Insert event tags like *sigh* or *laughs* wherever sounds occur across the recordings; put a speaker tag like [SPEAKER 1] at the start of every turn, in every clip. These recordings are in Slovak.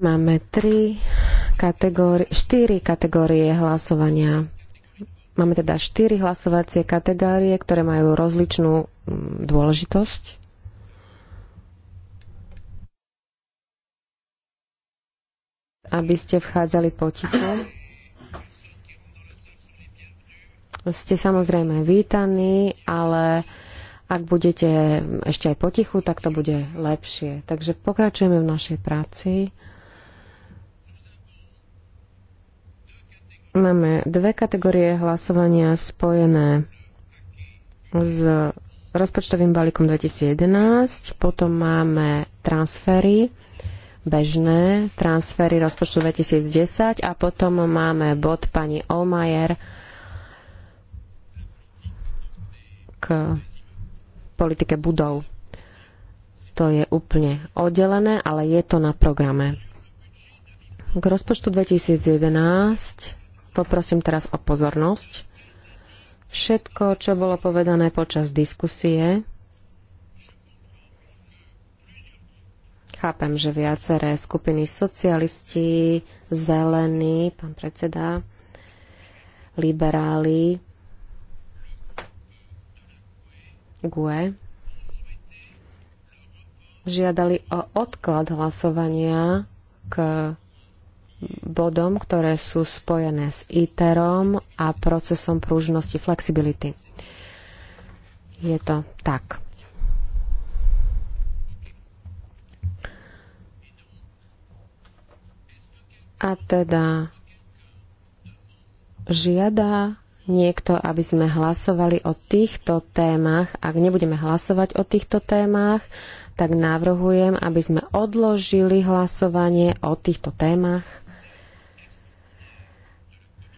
[SPEAKER 1] Máme tri kategórie, štyri kategórie hlasovania. Máme teda štyri hlasovacie kategórie, ktoré majú rozličnú mm, dôležitosť. Aby ste vchádzali potichu. Ste samozrejme vítaní, ale ak budete ešte aj potichu, tak to bude lepšie. Takže pokračujeme v našej práci. Máme dve kategórie hlasovania spojené s rozpočtovým balíkom 2011, potom máme transfery, bežné transfery rozpočtu 2010 a potom máme bod pani Olmajer k politike budov. To je úplne oddelené, ale je to na programe. K rozpočtu 2011 Poprosím teraz o pozornosť. Všetko, čo bolo povedané počas diskusie, chápem, že viaceré skupiny socialisti, zelení, pán predseda, liberáli, GUE, žiadali o odklad hlasovania k bodom, ktoré sú spojené s ITERom a procesom pružnosti flexibility. Je to tak. A teda žiada niekto, aby sme hlasovali o týchto témach. Ak nebudeme hlasovať o týchto témach, tak navrhujem, aby sme odložili hlasovanie o týchto témach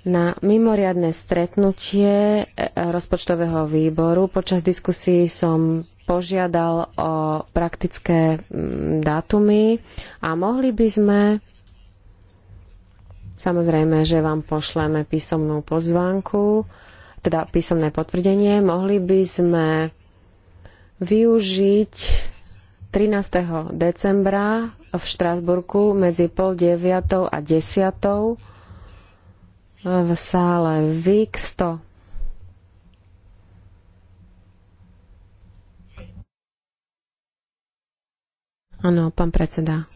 [SPEAKER 1] na mimoriadne stretnutie e, e, rozpočtového výboru. Počas diskusí som požiadal o praktické mm, dátumy a mohli by sme Samozrejme, že vám pošleme písomnú pozvánku, teda písomné potvrdenie. Mohli by sme využiť 13. decembra v Štrásburku medzi pol deviatou a desiatou v sále VIX 100. Áno, pán predseda.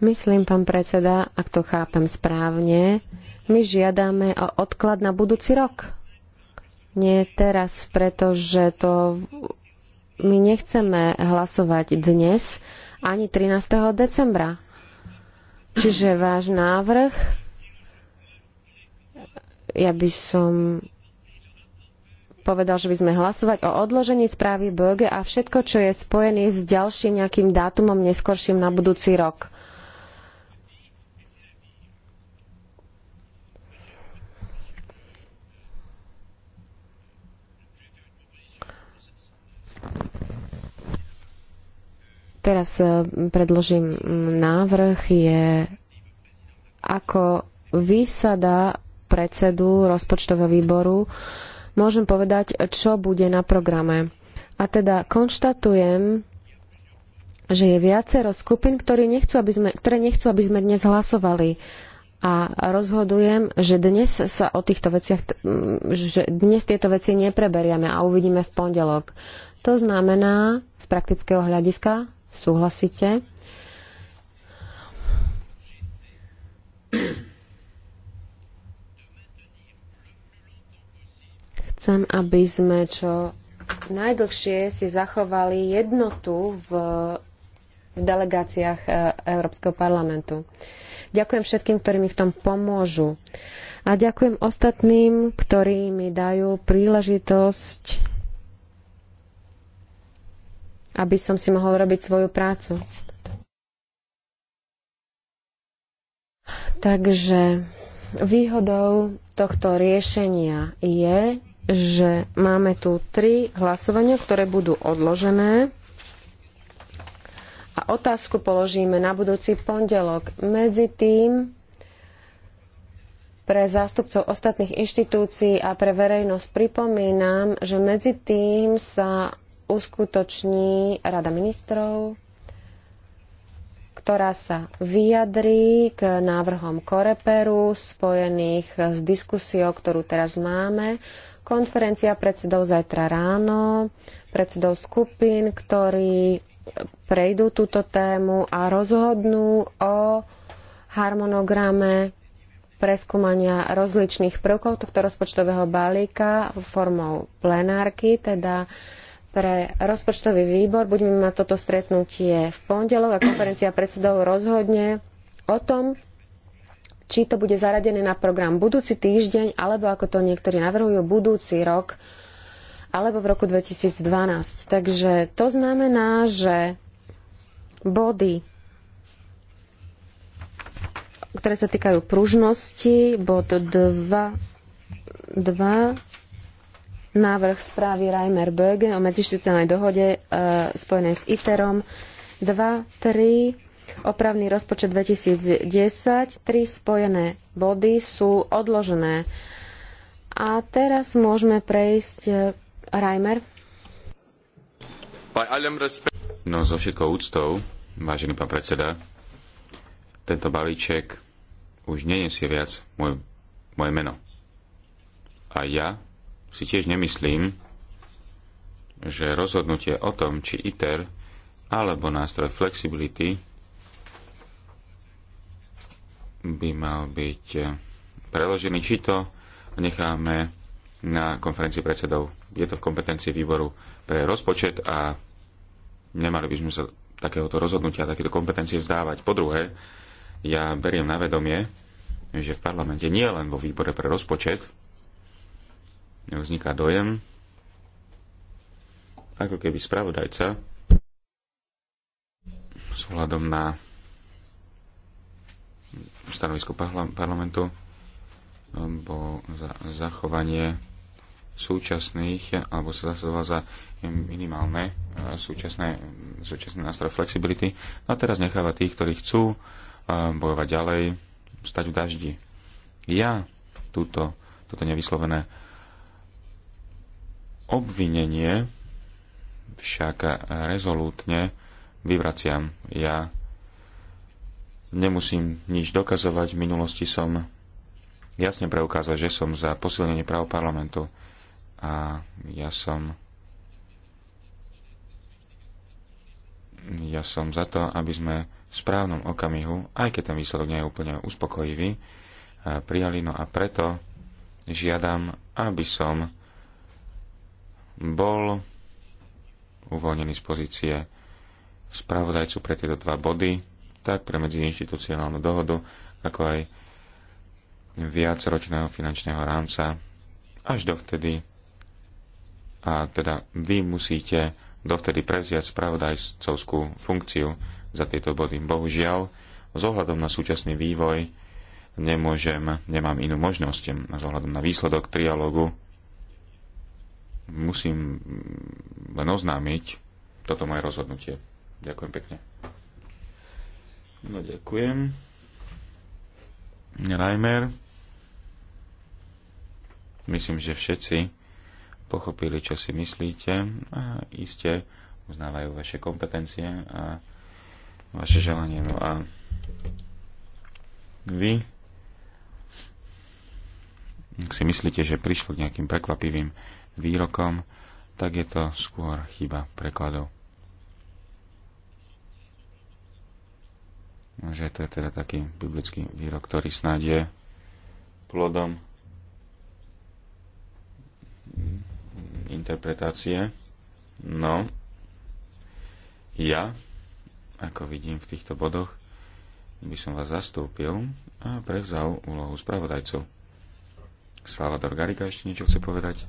[SPEAKER 1] Myslím, pán predseda, ak to chápem správne, my žiadame o odklad na budúci rok. Nie teraz, pretože to my nechceme hlasovať dnes ani 13. decembra. Čiže váš návrh ja by som povedal, že by sme hlasovať o odložení správy BG a všetko, čo je spojené s ďalším nejakým dátumom neskorším na budúci rok. Teraz eh, predložím návrh je ako výsada predsedu rozpočtového výboru, môžem povedať, čo bude na programe. A teda konštatujem, že je viacero skupín, ktoré nechcú, aby sme, ktoré nechcú, aby sme dnes hlasovali a rozhodujem, že dnes sa o týchto veciach, že dnes tieto veci nepreberieme a uvidíme v pondelok. To znamená, z praktického hľadiska súhlasíte? Chcem, aby sme čo najdlhšie si zachovali jednotu v, v delegáciách e, Európskeho parlamentu. Ďakujem všetkým, ktorí mi v tom pomôžu. A ďakujem ostatným, ktorí mi dajú príležitosť, aby som si mohol robiť svoju prácu. Takže výhodou tohto riešenia je, že máme tu tri hlasovania, ktoré budú odložené. A otázku položíme na budúci pondelok. Medzi tým pre zástupcov ostatných inštitúcií a pre verejnosť pripomínam, že medzi tým sa uskutoční Rada ministrov, ktorá sa vyjadrí k návrhom Koreperu spojených s diskusiou, ktorú teraz máme Konferencia predsedov zajtra ráno, predsedov skupín, ktorí prejdú túto tému a rozhodnú o harmonograme preskúmania rozličných prvkov tohto rozpočtového balíka formou plenárky, teda pre rozpočtový výbor. Budeme mať toto stretnutie v pondelok a konferencia predsedov rozhodne o tom, či to bude zaradené na program budúci týždeň, alebo ako to niektorí navrhujú, budúci rok, alebo v roku 2012. Takže to znamená, že body, ktoré sa týkajú pružnosti, bod 2, 2 návrh správy Reimer Böge o medzištitelnej dohode e, spojené s ITERom, 2, 3, opravný rozpočet 2010. Tri spojené body sú odložené. A teraz môžeme prejsť e, Reimer.
[SPEAKER 2] No so všetkou úctou, vážený pán predseda, tento balíček už nenesie viac môj, moje meno. A ja si tiež nemyslím, že rozhodnutie o tom, či ITER alebo nástroj flexibility by mal byť eh, preložený, či to necháme na konferencii predsedov. Je to v kompetencii výboru pre rozpočet a nemali by sme sa takéhoto rozhodnutia, takéto kompetencie vzdávať. Po druhé, ja beriem na vedomie, že v parlamente, nie len vo výbore pre rozpočet, vzniká dojem, ako keby spravodajca s na Stanovisko parlamentu um, bol za zachovanie súčasných, alebo sa zasadoval za minimálne uh, súčasné, súčasné nástroje flexibility. No a teraz necháva tých, ktorí chcú uh, bojovať ďalej, stať v daždi. Ja túto, toto nevyslovené obvinenie však rezolútne vyvraciam. Ja Nemusím nič dokazovať, v minulosti som jasne preukázal, že som za posilnenie práv parlamentu a ja som ja som za to, aby sme v správnom okamihu, aj keď ten výsledok nie je úplne uspokojivý, prijali. No a preto žiadam, aby som bol uvoľnený z pozície spravodajcu pre tieto dva body tak pre medziinštitucionálnu dohodu, ako aj viacročného finančného rámca až dovtedy. A teda vy musíte dovtedy prevziať spravodajcovskú funkciu za tieto body. Bohužiaľ, s ohľadom na súčasný vývoj nemôžem, nemám inú možnosť. z ohľadom na výsledok trialógu musím len oznámiť toto moje rozhodnutie. Ďakujem pekne. No ďakujem. Reimer. Myslím, že všetci pochopili, čo si myslíte a iste uznávajú vaše kompetencie a vaše želanie. No a vy ak si myslíte, že prišlo k nejakým prekvapivým výrokom, tak je to skôr chyba prekladov. že to je teda taký biblický výrok, ktorý snáď je plodom interpretácie. No, ja, ako vidím v týchto bodoch, by som vás zastúpil a prevzal úlohu spravodajcu. Salvador Garika ešte niečo chce povedať?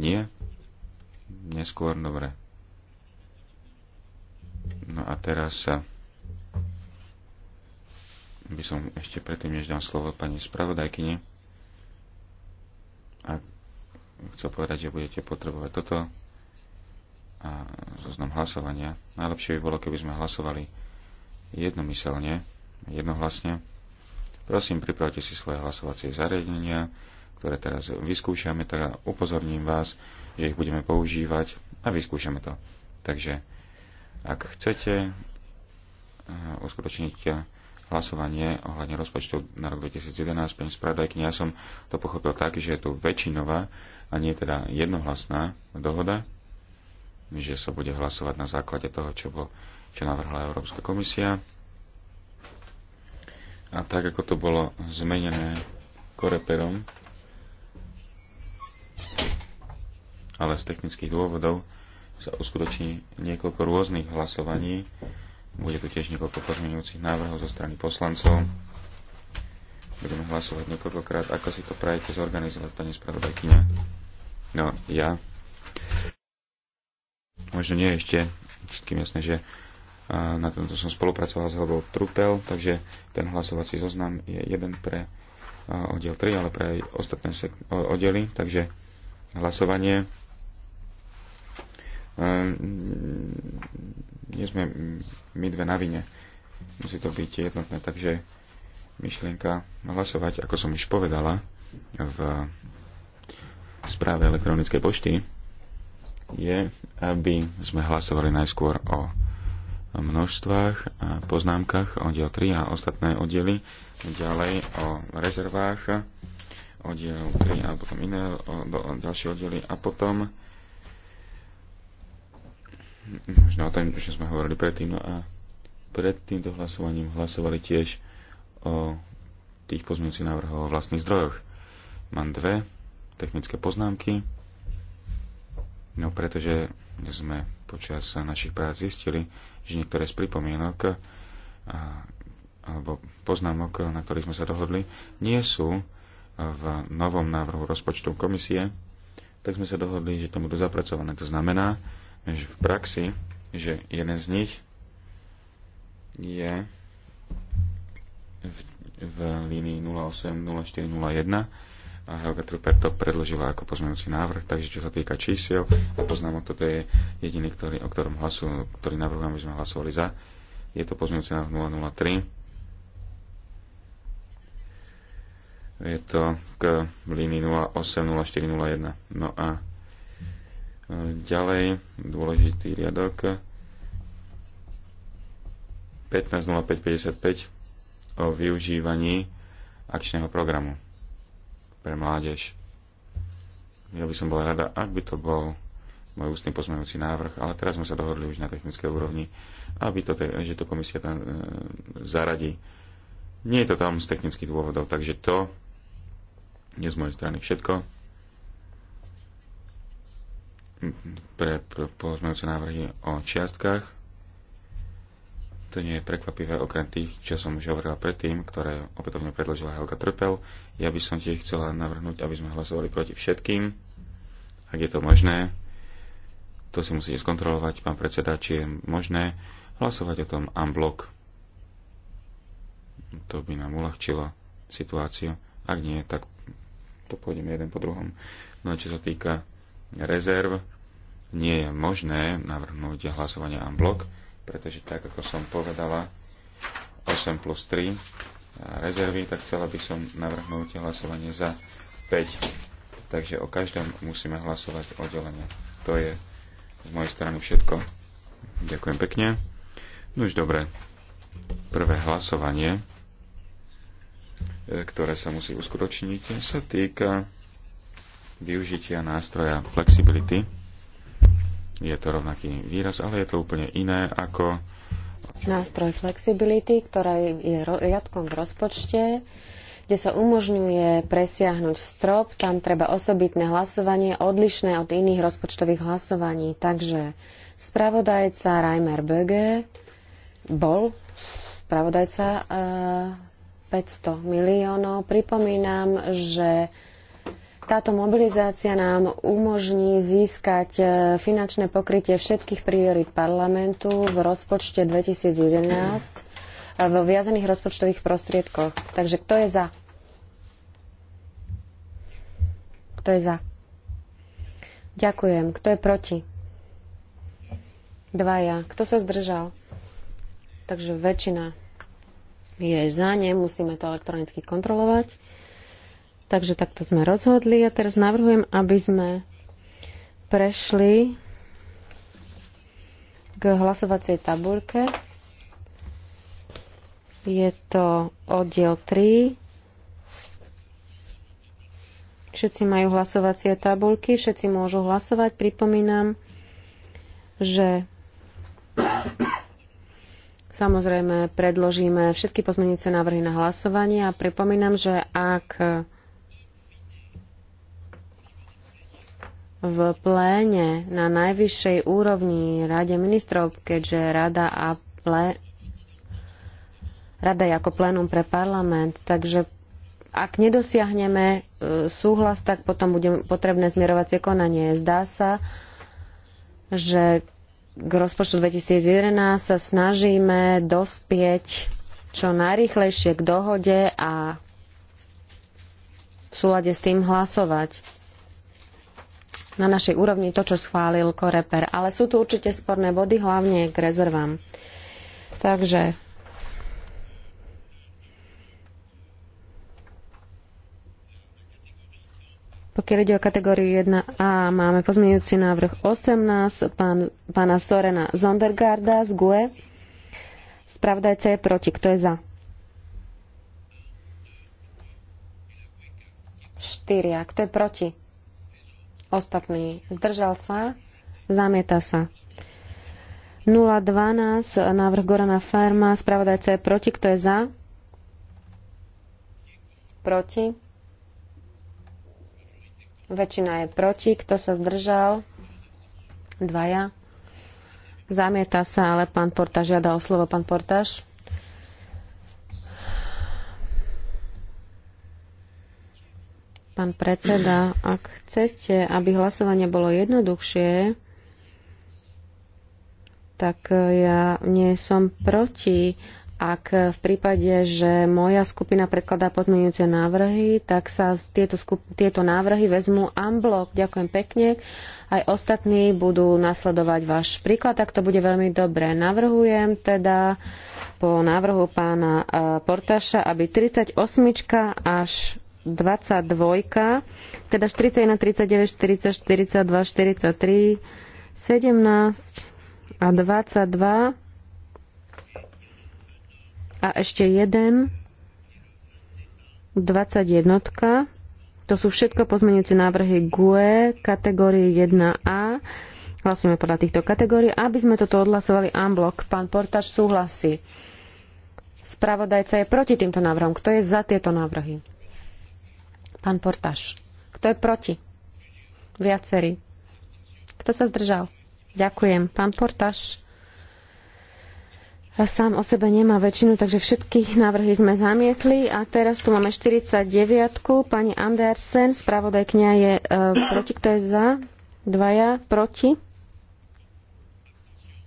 [SPEAKER 2] Nie? Neskôr, dobre. No a teraz sa eh, by som ešte predtým, než dám slovo pani spravodajkyne, a chcel povedať, že budete potrebovať toto a zoznam hlasovania. Najlepšie by bolo, keby sme hlasovali jednomyselne, jednohlasne. Prosím, pripravte si svoje hlasovacie zariadenia, ktoré teraz vyskúšame, tak teda upozorním vás, že ich budeme používať a vyskúšame to. Takže ak chcete eh, uskutočniť eh, hlasovanie ohľadne rozpočtu na rok 2011, pani spravodajkyňa, ja som to pochopil tak, že je tu väčšinová a nie teda jednohlasná dohoda, že sa bude hlasovať na základe toho, čo, bol, čo navrhla Európska komisia. A tak, ako to bolo zmenené koreperom, ale z technických dôvodov, sa uskutoční niekoľko rôznych hlasovaní. Bude tu tiež niekoľko pozmeňujúcich návrhov zo strany poslancov. Budeme hlasovať niekoľkokrát, ako si to prajete zorganizovať, pani spravodajkyňa. No, ja. Možno nie ešte, všetkým jasné, že na tomto som spolupracoval s Helgou Trupel, takže ten hlasovací zoznam je jeden pre oddiel 3, ale pre aj ostatné oddely, takže hlasovanie Ehm, nie sme my dve na vine. Musí to byť jednotné, takže myšlienka hlasovať, ako som už povedala, v správe elektronickej pošty je, aby sme hlasovali najskôr o množstvách a poznámkach, oddiel 3 a ostatné oddiely, ďalej o rezervách, oddiel 3 a potom iné o, o, ďalšie oddiely a potom možno o tom, čo sme hovorili predtým. No a pred týmto hlasovaním hlasovali tiež o tých pozmeňujúcich návrhov o vlastných zdrojoch. Mám dve technické poznámky, no pretože sme počas našich prác zistili, že niektoré z pripomienok a, alebo poznámok, na ktorých sme sa dohodli, nie sú v novom návrhu rozpočtu komisie, tak sme sa dohodli, že tam budú zapracované. To znamená, v praxi, že jeden z nich je v, v línii 080401 a Helga Trupper to predložila ako pozmeňujúci návrh, takže čo sa týka čísiel a poznámok, toto je jediný, ktorý, o ktorom hlasu, ktorý navrhujem, aby sme hlasovali za. Je to pozmeňujúci návrh 003. Je to k línii 080401. No a Ďalej, dôležitý riadok 15.05.55 o využívaní akčného programu pre mládež. Ja by som bola rada, ak by to bol môj ústny pozmeňujúci návrh, ale teraz sme sa dohodli už na technickej úrovni, aby to, že to komisia tam e, zaradí. Nie je to tam z technických dôvodov, takže to je z mojej strany všetko pre, pozmeňujúce návrhy o čiastkách. To nie je prekvapivé, okrem tých, čo som už hovorila predtým, ktoré opätovne predložila Helga Trpel. Ja by som tiež chcela navrhnúť, aby sme hlasovali proti všetkým, ak je to možné. To si musíte skontrolovať, pán predseda, či je možné hlasovať o tom unblock. To by nám uľahčilo situáciu. Ak nie, tak to pôjdeme jeden po druhom. No a čo sa týka rezerv nie je možné navrhnúť hlasovanie en bloc, pretože tak, ako som povedala, 8 plus 3 eh, rezervy, tak chcela by som navrhnúť hlasovanie za 5. Takže o každom musíme hlasovať oddelenie. To je z mojej strany všetko. Ďakujem pekne. No už dobre. Prvé hlasovanie, eh, ktoré sa musí uskutočniť, sa týka využitia nástroja flexibility. Je to rovnaký výraz, ale je to úplne iné ako...
[SPEAKER 1] Nástroj flexibility, ktorá je riadkom v rozpočte, kde sa umožňuje presiahnuť strop, tam treba osobitné hlasovanie odlišné od iných rozpočtových hlasovaní. Takže spravodajca Reimer Böge bol spravodajca e, eh, 500 miliónov. Pripomínam, že táto mobilizácia nám umožní získať e, finančné pokrytie všetkých priorit parlamentu v rozpočte 2011 v viazených rozpočtových prostriedkoch. Takže kto je za? Kto je za? Ďakujem. Kto je proti? Dvaja. Kto sa zdržal? Takže väčšina je za, nemusíme to elektronicky kontrolovať. Takže takto sme rozhodli a teraz navrhujem, aby sme prešli k hlasovacej tabulke. Je to oddiel 3. Všetci majú hlasovacie tabulky, všetci môžu hlasovať. Pripomínam, že samozrejme predložíme všetky pozmenujúce návrhy na hlasovanie a pripomínam, že ak v pléne na najvyššej úrovni Rade ministrov, keďže Rada a plé... Rada je ako plénum pre parlament, takže ak nedosiahneme e, súhlas, tak potom bude potrebné zmierovacie konanie. Zdá sa, že k rozpočtu 2011 sa snažíme dospieť čo najrychlejšie k dohode a v súlade s tým hlasovať na našej úrovni to, čo schválil Koreper. Ale sú tu určite sporné body, hlavne k rezervám. Takže Pokiaľ ide o kategóriu 1a, máme pozmeňujúci návrh 18 pán, pána Sorena Zondergarda z GUE. Spravdajce je proti. Kto je za? 4. Kto je proti? ostatní, zdržal sa, zamieta sa. 012, návrh Gorana Ferma, spravodajca je proti, kto je za? Proti. Väčšina je proti, kto sa zdržal? Dvaja. Zamieta sa, ale pán Portaž žiada o slovo. Pán Portaž. Pán predseda, ak chcete, aby hlasovanie bolo jednoduchšie, tak ja nie som proti. Ak v prípade, že moja skupina predkladá podmienujúce návrhy, tak sa tieto, skup- tieto návrhy vezmú unblock. Ďakujem pekne. Aj ostatní budú nasledovať váš príklad, tak to bude veľmi dobré. Navrhujem teda po návrhu pána eh, Portaša, aby 38 až 22, teda 41, 39, 40, 42, 43, 17 a 22 a ešte 1, 21. To sú všetko pozmeňujúce návrhy GUE kategórie 1A. Hlasujeme podľa týchto kategórií. Aby sme toto odhlasovali unblock, pán Portaž súhlasí. Spravodajca je proti týmto návrhom. Kto je za tieto návrhy? Pán portáš. Kto je proti? Viacerí. Kto sa zdržal? Ďakujem. Pán ja sám o sebe nemá väčšinu, takže všetky návrhy sme zamietli. A teraz tu máme 49. Pani Andersen, kňa je e, proti. Kto je za? Dvaja proti.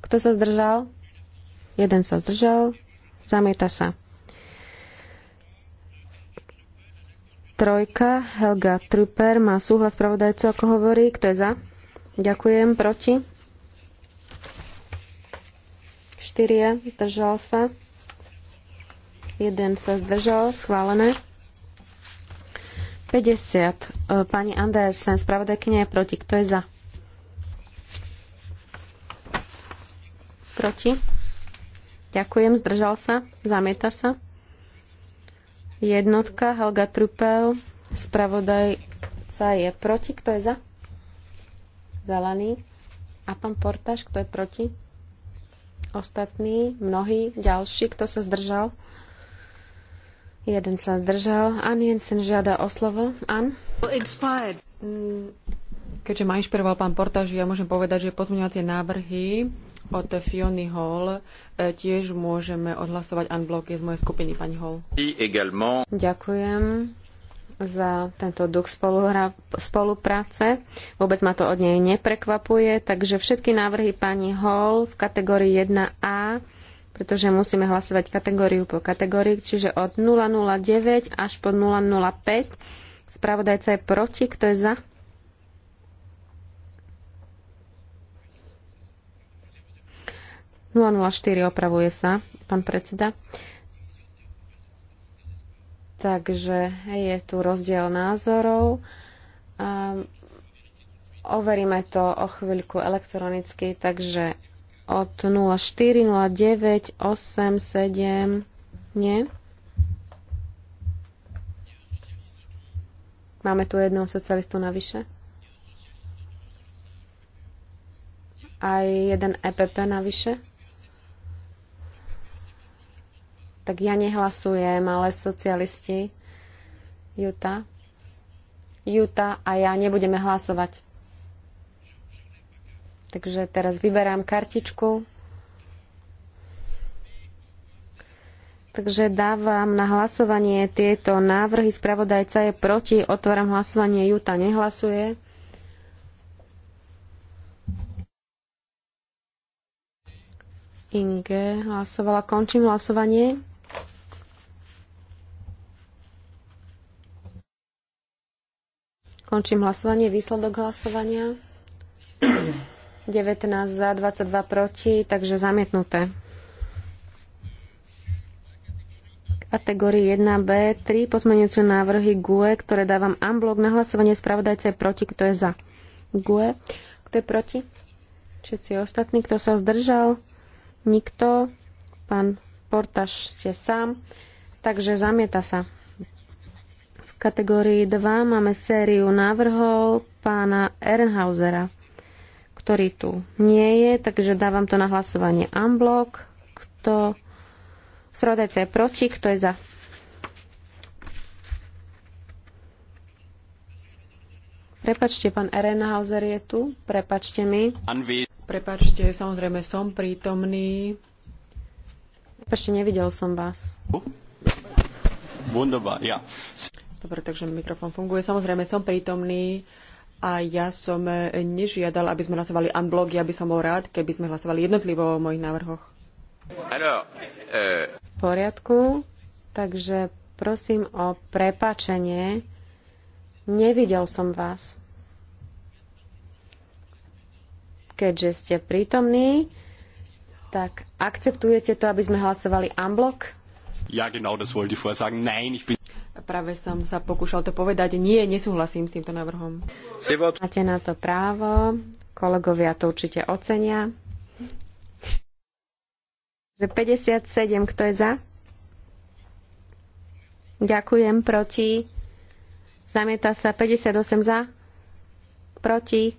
[SPEAKER 1] Kto sa zdržal? Jeden sa zdržal. Zamieta sa. Trojka, Helga Trüper má súhlas pravodajcu, ako hovorí. Kto je za? Ďakujem. Proti? Štyrie. držal sa. Jeden sa zdržal. Schválené. 50. E, pani Andersen, spravodajkynia je proti. Kto je za? Proti? Ďakujem. Zdržal sa. Zamieta sa. Jednotka Helga Trupel, spravodajca je proti. Kto je za? Zelený. A pán Portáš, kto je proti? Ostatní, mnohí, ďalší, kto sa zdržal? Jeden sa zdržal. Ann Jensen žiada o slovo. Ann?
[SPEAKER 3] Inspired. Mm, keďže ma inšpiroval pán Portáž, ja môžem povedať, že pozmeňovacie návrhy od Fiony Hall e, tiež môžeme odhlasovať unblock je z mojej skupiny, pani Hall. Ďakujem za tento duch
[SPEAKER 1] spolupráce. Vôbec ma to od nej neprekvapuje, takže všetky návrhy pani Hall v kategórii 1A, pretože musíme hlasovať kategóriu po kategórii, čiže od 009 až po 005. Spravodajca je proti, kto je za? 004 opravuje sa, pán predseda. Takže je tu rozdiel názorov. Um, overíme to o chvíľku elektronicky, takže od 04, 09, 8, 7, nie. Máme tu jedného socialistu navyše. Aj jeden EPP navyše. tak ja nehlasujem, ale socialisti Juta. Juta a ja nebudeme hlasovať. Takže teraz vyberám kartičku. Takže dávam na hlasovanie tieto návrhy. Spravodajca je proti. Otváram hlasovanie. Juta nehlasuje. Inge hlasovala. Končím hlasovanie. Končím hlasovanie. Výsledok hlasovania. 19 za, 22 proti, takže zamietnuté. Kategórii 1b, 3 pozmeňujúce návrhy GUE, ktoré dávam amblok na hlasovanie spravodajce proti, kto je za. GUE, kto je proti? Všetci ostatní, kto sa zdržal? Nikto. Pán Portaž ste sám. Takže zamieta sa. V kategórii 2 máme sériu návrhov pána Ehrenhausera, ktorý tu nie je, takže dávam to na hlasovanie unblock. Kto Spravodajca je proti, kto je za? Prepačte, pán Ehrenhauser je tu. Prepačte mi. Prepačte, samozrejme
[SPEAKER 3] som prítomný. Prepačte, nevidel som vás.
[SPEAKER 2] Wunderbar, ja.
[SPEAKER 3] Dobre, takže mikrofón funguje. Samozrejme, som prítomný a ja som e, nežiadal, aby sme hlasovali unblock. Ja by som bol rád, keby sme hlasovali jednotlivo o mojich návrhoch.
[SPEAKER 4] Ano, e... V
[SPEAKER 3] poriadku,
[SPEAKER 1] takže prosím o prepačenie. Nevidel som vás. Keďže ste prítomní,
[SPEAKER 3] tak akceptujete to, aby sme hlasovali unblock?
[SPEAKER 2] Ja, genau, das wollte ich vorher sagen. Nein, ich bin...
[SPEAKER 3] Práve som sa pokúšal to povedať. Nie, nesúhlasím s týmto návrhom. Máte na to právo. Kolegovia to určite ocenia.
[SPEAKER 1] 57, kto je za? Ďakujem, proti. Zamieta sa 58 za. Proti.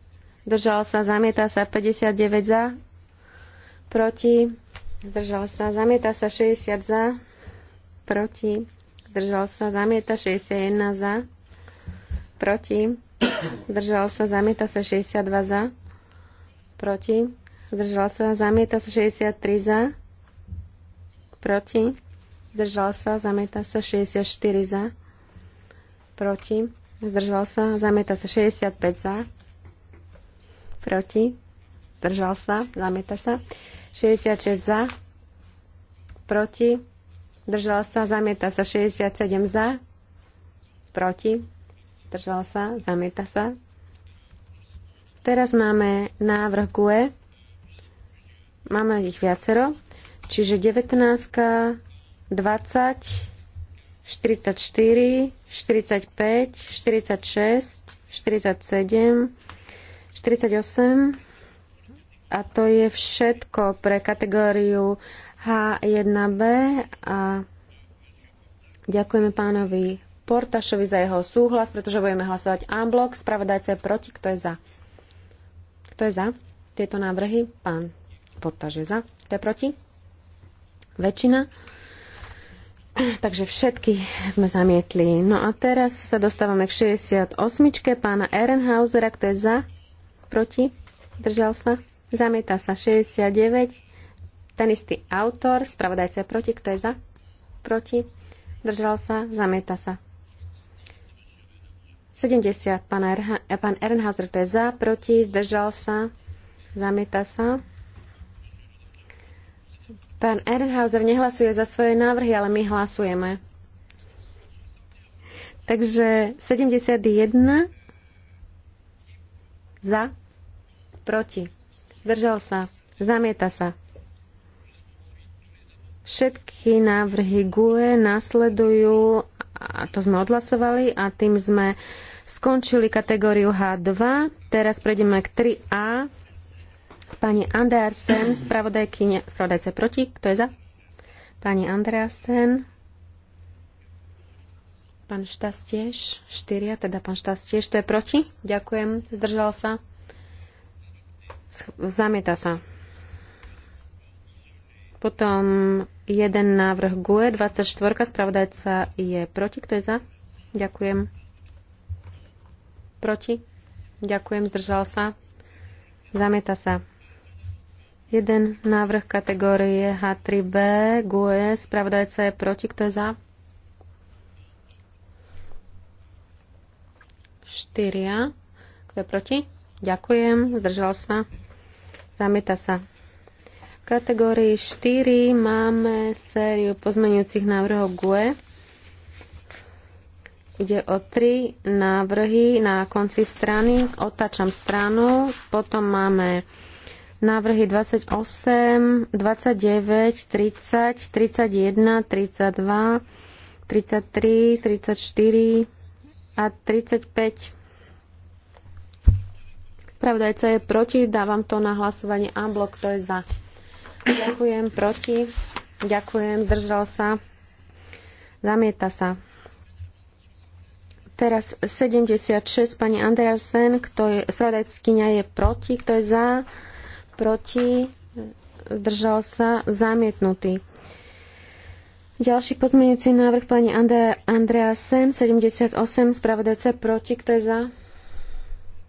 [SPEAKER 1] Držal sa, zamieta sa 59 za. Proti. Zdržal sa, zamieta sa 60 za. Proti. Držal sa, zamieta 61 za, proti, držal sa, zamieta sa 62 za, proti, zdržal sa, zamieta sa 63 za, proti, zdržal sa, zamieta sa 64 za, proti, zdržal sa, zamieta sa 65 za, proti, zdržal sa, zamieta sa 66 za, proti, Držal sa, zamieta sa 67 za. Proti. Držal sa, zamieta sa. Teraz máme návrh GUE. Máme ich viacero. Čiže 19, 20, 44, 45, 46, 47, 48 a to je všetko pre kategóriu H1B a ďakujeme pánovi Portašovi za jeho súhlas, pretože budeme hlasovať unblock. Spravodajce je proti. Kto je za? Kto je za tieto návrhy? Pán Portaž je za. Kto je proti? Väčšina. *clears throat* Takže všetky sme zamietli. No a teraz sa dostávame k 68. pána Ehrenhausera. Kto je za? Proti? Držal sa? Zamieta sa 69. Ten istý autor, spravodajca je proti, kto je za? Proti. Držal sa, zamieta sa. 70, pán, Erha, eh, pán Ernhauser, to je za, proti, zdržal sa, zamieta sa. Pán Ernhauser nehlasuje za svoje návrhy, ale my hlasujeme. Takže 71 za, proti, zdržal sa, zamieta sa. Všetky návrhy GUE nasledujú, a to sme odhlasovali, a tým sme skončili kategóriu H2. Teraz prejdeme k 3A. Pani Andersen, spravodajkyňa, spravodajca proti, kto je za? Pani Andreasen, pán štastieš štyria, teda pán štastieš, to je proti? Ďakujem, zdržal sa. Zamieta sa. Potom jeden návrh GUE 24. Spravodajca je proti. Kto je za? Ďakujem. Proti? Ďakujem. Zdržal sa? Zamieta sa. Jeden návrh kategórie H3B GUE. Spravodajca je proti. Kto je za? Štyria. Kto je proti? Ďakujem. Zdržal sa? Zamieta sa kategórii 4 máme sériu pozmeňujúcich návrhov GUE. Ide o tri návrhy na konci strany. Otáčam stranu. Potom máme návrhy 28, 29, 30, 31, 32, 33, 34 a 35. Spravodajca je proti. Dávam to na hlasovanie unblock. to je za? Ďakujem. Proti? Ďakujem. Zdržal sa? Zamieta sa. Teraz 76, pani Andreasen, kto je, spravodajskyňa je proti, kto je za, proti, zdržal sa, zamietnutý. Ďalší pozmeňujúci návrh pani Andrea, Andreasen, 78, spravodajca proti, kto je za?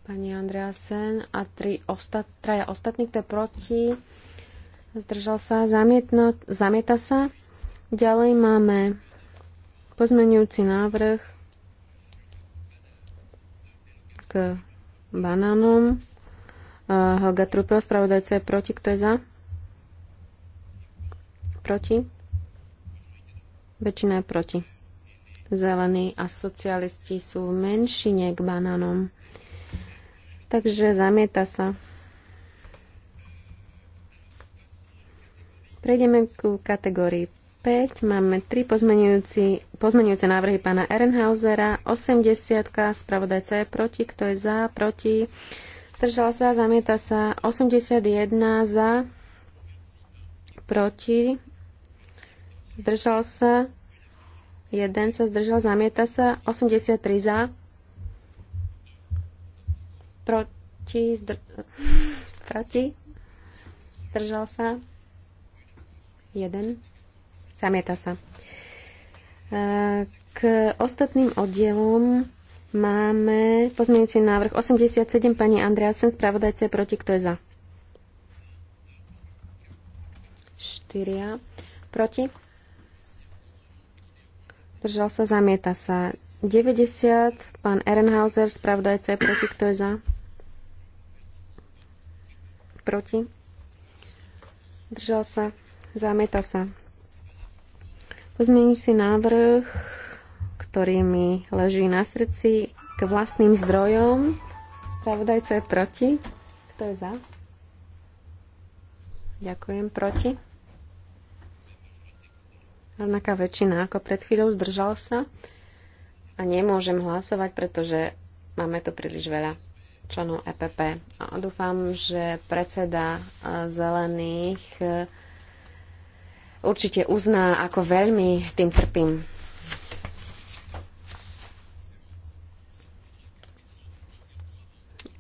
[SPEAKER 1] Pani Andreasen a tri ostat, traja ostatní, kto je proti? zdržal sa, zamietno, zamieta sa. Ďalej máme pozmenujúci návrh k banánom. Helga Trupel, spravodajca je proti. Kto je za? Proti? Väčšina je proti. Zelení a socialisti sú menšine k banánom. Takže zamieta sa. Prejdeme ku kategórii 5. Máme tri pozmenujúce návrhy pána Ehrenhausera. 80. Spravodajca je proti. Kto je za? Proti. Držal sa. Zamieta sa. 81. Za. Proti. Zdržal sa. jeden sa zdržal. Zamieta sa. 83 za. Proti. Zdr- *laughs* proti. Zdržal sa. 1. Zamieta sa. E, k ostatným oddielom máme pozmeňujúci návrh 87 pani Andreasen, spravodajce proti, kto je za? 4. Proti? Držal sa, zamieta sa. 90, pán Ehrenhauser, spravodajce je proti, kto je za? Proti? Držal sa, zameta sa. Pozmením si návrh, ktorý mi leží na srdci k vlastným zdrojom. Spravodajca je proti. Kto je za? Ďakujem. Proti? Rovnaká väčšina ako pred chvíľou zdržal sa. A nemôžem hlasovať, pretože máme tu príliš veľa členov EPP. A dúfam, že predseda eh, zelených eh, určite uzná, ako veľmi tým trpím.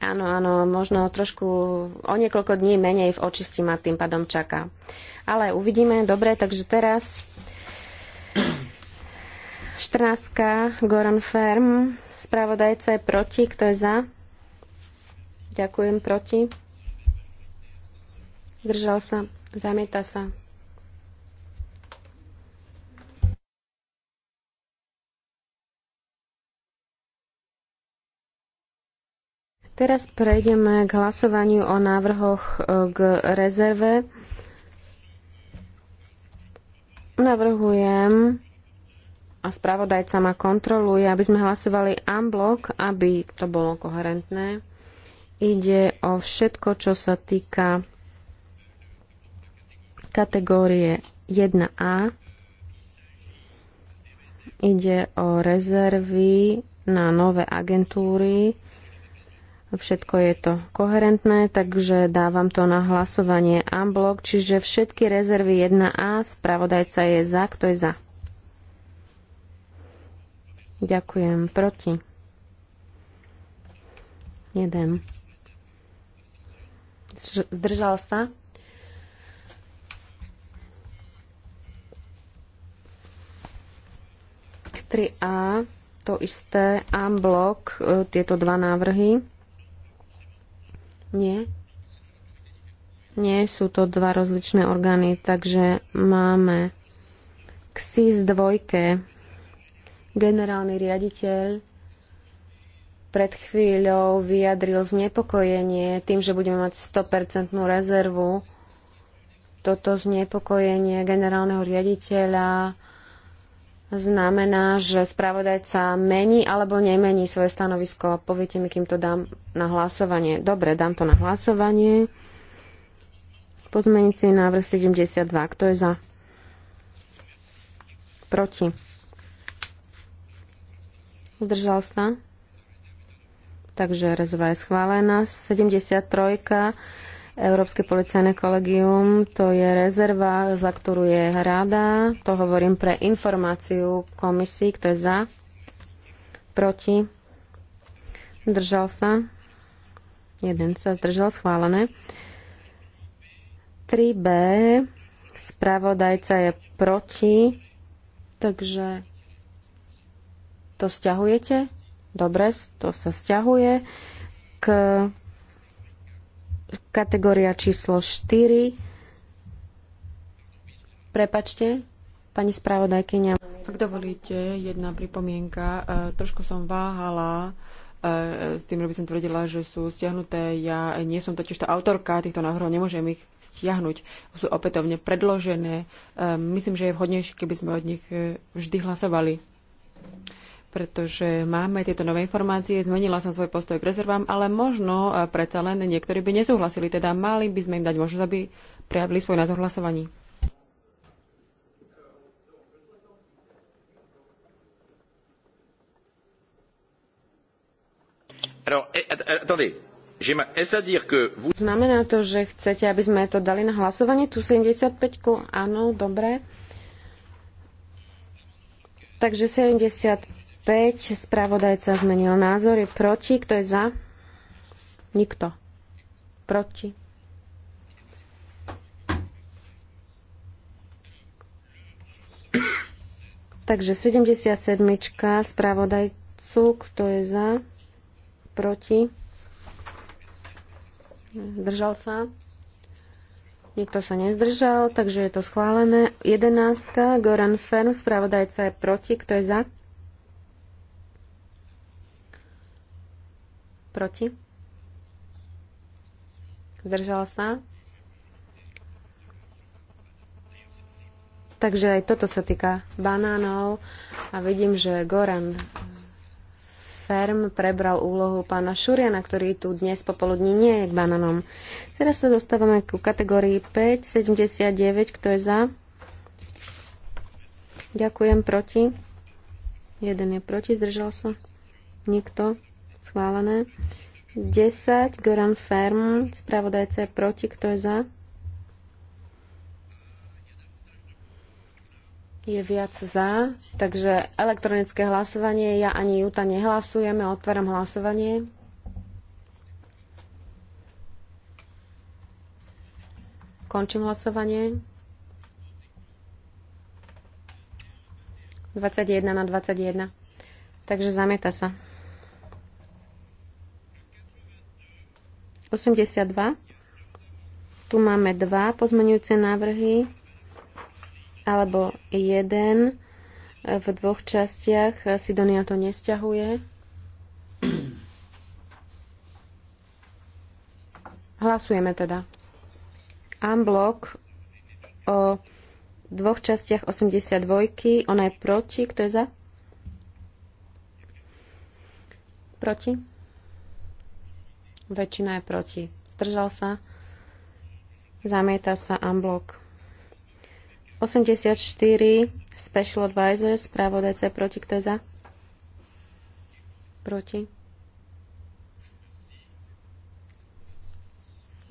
[SPEAKER 1] Áno, áno, možno trošku o niekoľko dní menej v očisti ma tým pádom čaká. Ale uvidíme, dobre, takže teraz 14. Goran Ferm, spravodajca je proti, kto je za? Ďakujem, proti. Držal sa, zamieta sa. Teraz prejdeme k hlasovaniu o návrhoch e, k rezerve. Navrhujem a spravodajca ma kontroluje, aby sme hlasovali unblock, aby to bolo koherentné. Ide o všetko, čo sa týka kategórie 1A. Ide o rezervy na nové agentúry Všetko je to koherentné, takže dávam to na hlasovanie unblock, čiže všetky rezervy 1A, spravodajca je za, kto je za? Ďakujem. Proti? Jeden. Zdržal sa? K 3A to isté, unblock, e, tieto dva návrhy. Nie? Nie, sú to dva rozličné orgány, takže máme XIS 2, generálny riaditeľ pred chvíľou vyjadril znepokojenie tým, že budeme mať 100% rezervu. Toto znepokojenie generálneho riaditeľa znamená, že spravodajca mení alebo nemení svoje stanovisko. Poviete mi, kým to dám na hlasovanie. Dobre, dám to na hlasovanie. Pozmenici návrh 72. Kto je za? Proti. Zdržal sa. Takže rezova je schválená. 73. Európske policajné kolegium, to je rezerva, za ktorú je rada. To hovorím pre informáciu komisii, kto je za, proti, držal sa, jeden sa zdržal, schválené. 3b, spravodajca je proti, takže to stiahujete? Dobre, to sa stiahuje. K kategória číslo 4. Prepačte, pani spravodajkynia.
[SPEAKER 3] Ak dovolíte, jedna pripomienka. E, trošku som váhala e, s tým, že by som tvrdila, že sú stiahnuté. Ja nie som totiž to autorka týchto návrhov, nemôžem ich stiahnuť. Sú opätovne predložené. E, myslím, že je vhodnejšie, keby sme od nich vždy hlasovali pretože máme tieto nové informácie, zmenila som svoj postoj k rezervám, ale možno e, predsa len niektorí by nesúhlasili, teda mali by sme im dať možnosť, aby prejavili svoj názor hlasovaní.
[SPEAKER 4] Eh, eh,
[SPEAKER 1] Znamená to, že chcete, aby sme to dali na hlasovanie, tú 75 -ku? Áno, dobre. Takže 75 5. Spravodajca zmenil názor. Je proti. Kto je za? Nikto. Proti. Takže 77. Spravodajcu. Kto je za? Proti. Zdržal sa. Nikto sa nezdržal, takže je to schválené. 11. Goran Fern, spravodajca je proti. Kto je za? Proti? Zdržal sa? Takže aj toto sa týka banánov a vidím, že Goran Ferm prebral úlohu pána Šuriana, ktorý tu dnes popoludní nie je k banánom. Teraz sa dostávame ku kategórii 579, kto je za? Ďakujem, proti. Jeden je proti, zdržal sa. Nikto. Schválené. 10. Goran Ferm. Spravodajca je proti. Kto je za? Je viac za. Takže elektronické hlasovanie. Ja ani Juta nehlasujeme. Otváram hlasovanie. Končím hlasovanie. 21 na 21. Takže zamieta sa. 82. Tu máme dva pozmenujúce návrhy alebo jeden eh, v dvoch častiach. Eh, Sidonia to nesťahuje. Hlasujeme teda. Amblok o dvoch častiach 82. Ona je proti. Kto je za? Proti. Väčšina je proti. Zdržal sa. Zamieta sa unblock. 84 Special Advisor, správodajca proti, kto je za? Proti.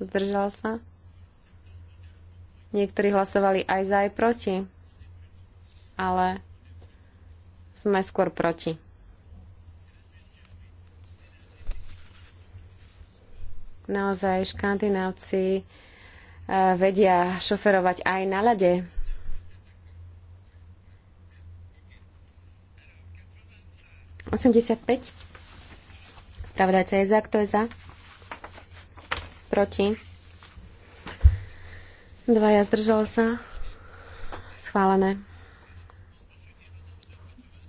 [SPEAKER 1] Zdržal sa. Niektorí hlasovali aj za, aj proti. Ale sme skôr proti. Naozaj škandinávci eh, vedia šoferovať aj na lade. Osemdesiatpäť. Spravodajca je za. Kto je za? Proti. Dvaja zdržal sa. Schválené.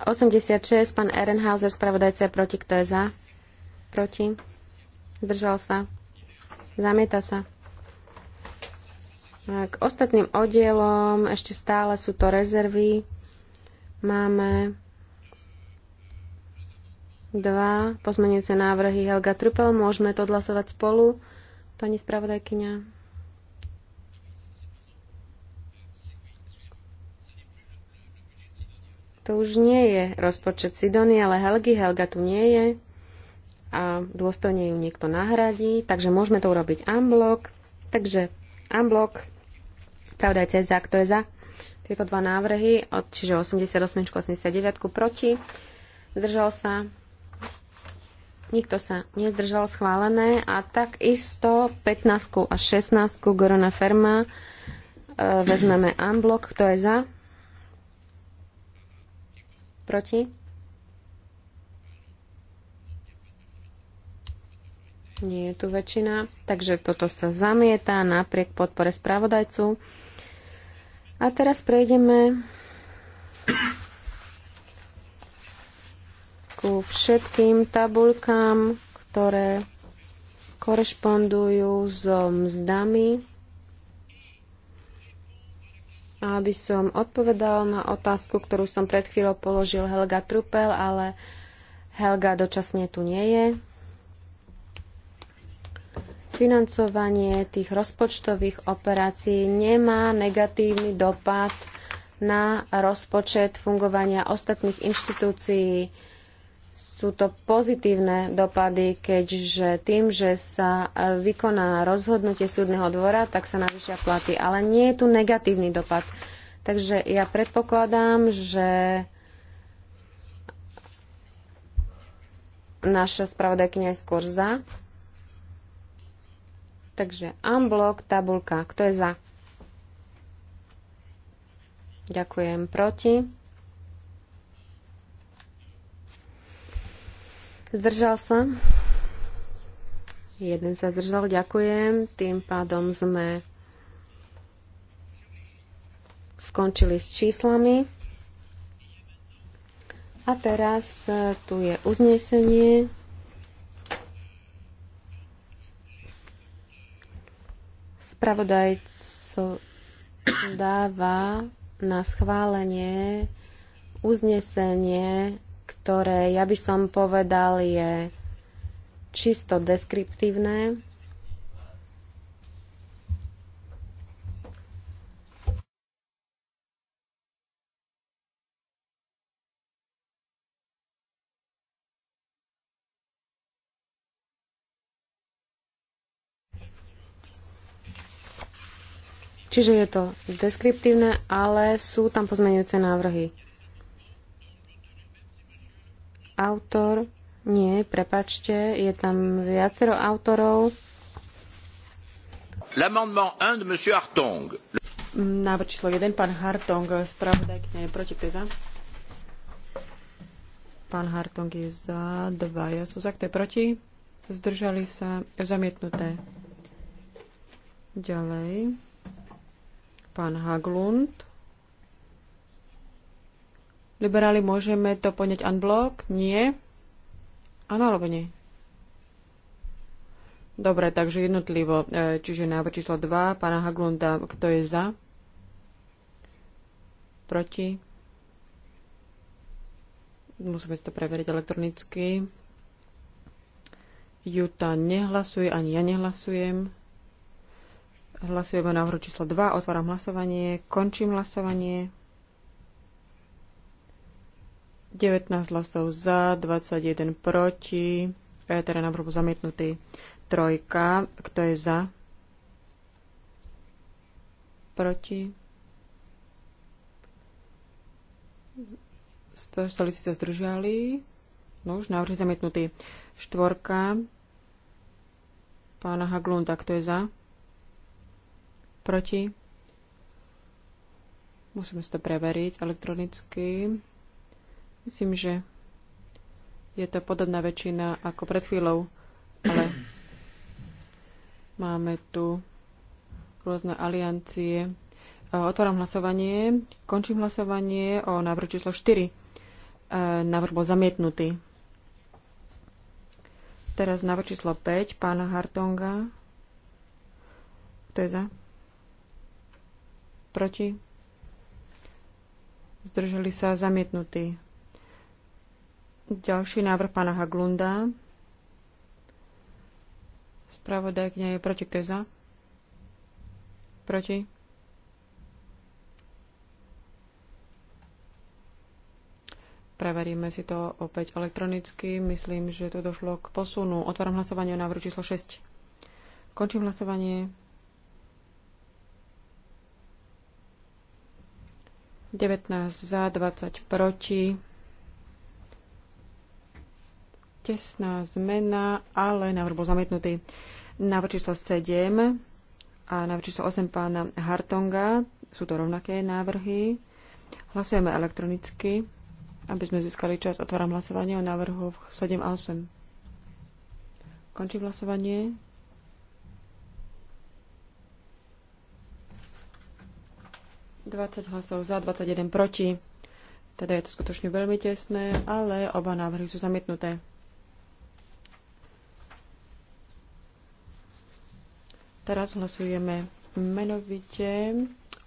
[SPEAKER 1] 86, pán Ehrenhauser, spravodajca je proti, kto je za? Proti. Zdržal sa. Zamieta sa. K ostatným oddielom ešte stále sú to rezervy. Máme dva pozmenujúce návrhy Helga Trupel. Môžeme to odhlasovať spolu, pani spravodajkyňa. To už nie je rozpočet Sidony, ale Helgi, Helga tu nie je a dôstojne ju niekto nahradí, takže môžeme to urobiť unblock. Takže unblock, pravda je za, kto je za tieto dva návrhy, od, čiže 88 89 proti, zdržal sa, nikto sa nezdržal schválené a takisto 15 a 16 Gorona Ferma e, vezmeme unblock, kto je za, proti, Nie je tu väčšina. Takže toto sa zamieta napriek podpore spravodajcu. A teraz prejdeme ku všetkým tabulkám, ktoré korešpondujú so mzdami. A aby som odpovedal na otázku, ktorú som pred chvíľou položil Helga Trupel, ale Helga dočasne tu nie je financovanie tých rozpočtových operácií nemá negatívny dopad na rozpočet fungovania ostatných inštitúcií. Sú to pozitívne dopady, keďže tým, že sa vykoná rozhodnutie súdneho dvora, tak sa navýšia platy. Ale nie je tu negatívny dopad. Takže ja predpokladám, že naša spravodajkynia je skôr za. Takže unblock, tabulka. Kto je za? Ďakujem. Proti? Zdržal sa? Jeden sa zdržal, ďakujem. Tým pádom sme skončili s číslami. A teraz eh, tu je uznesenie. Spravodajco dáva na schválenie uznesenie, ktoré ja by som povedal je čisto deskriptívne Čiže je to deskriptívne, ale sú tam pozmeňujúce návrhy. Autor, nie, prepačte, je tam viacero
[SPEAKER 3] autorov.
[SPEAKER 4] L'amendement 1 de M. Hartong.
[SPEAKER 3] Návrh číslo 1, pán Hartong, spravodajkne proti teza. Pán Hartong je za, dva, ja sú za, kto je proti? Zdržali sa, zamietnuté. Ďalej. Pán Haglund. Liberáli, môžeme to poňať unblock? Nie? Áno alebo nie? Dobre, takže jednotlivo. E, čiže návrh číslo 2, pána Haglunda, kto je za? Proti? Musíme si to preveriť elektronicky. Juta nehlasuje, ani ja nehlasujem. Hlasujeme o návrhu číslo 2. Otváram hlasovanie. Končím hlasovanie. 19 hlasov za, 21 proti, e, teda návrh bol zamietnutý. Trojka, kto je za? Proti? Stali si sa zdržali. No už návrh je zamietnutý. Štvorka, pána Haglunda, kto je za? Proti? Musíme si to preveriť elektronicky. Myslím, že je to podobná väčšina ako pred chvíľou, ale máme tu rôzne aliancie. E, otváram hlasovanie. Končím hlasovanie o návrhu číslo 4. E, návrh bol zamietnutý. Teraz návrh číslo 5, pána Hartonga. Kto je za? Proti? Zdržali sa zamietnutí. Ďalší návrh pána Haglunda. Spravodajkňa je proti keza. Proti? Preveríme si to opäť elektronicky. Myslím, že to došlo k posunu. Otváram hlasovanie o návrhu číslo 6. Končím hlasovanie. 19 za, 20 proti. Tesná zmena, ale návrh bol zamietnutý. Návrh číslo 7 a návrh číslo 8 pána Hartonga. Sú to rovnaké návrhy. Hlasujeme elektronicky, aby sme získali čas. Otváram hlasovanie o návrhu 7 a 8. Končím hlasovanie. 20 hlasov za, 21 proti. Teda je to skutočne veľmi tesné, ale oba návrhy sú zamietnuté. Teraz hlasujeme menovite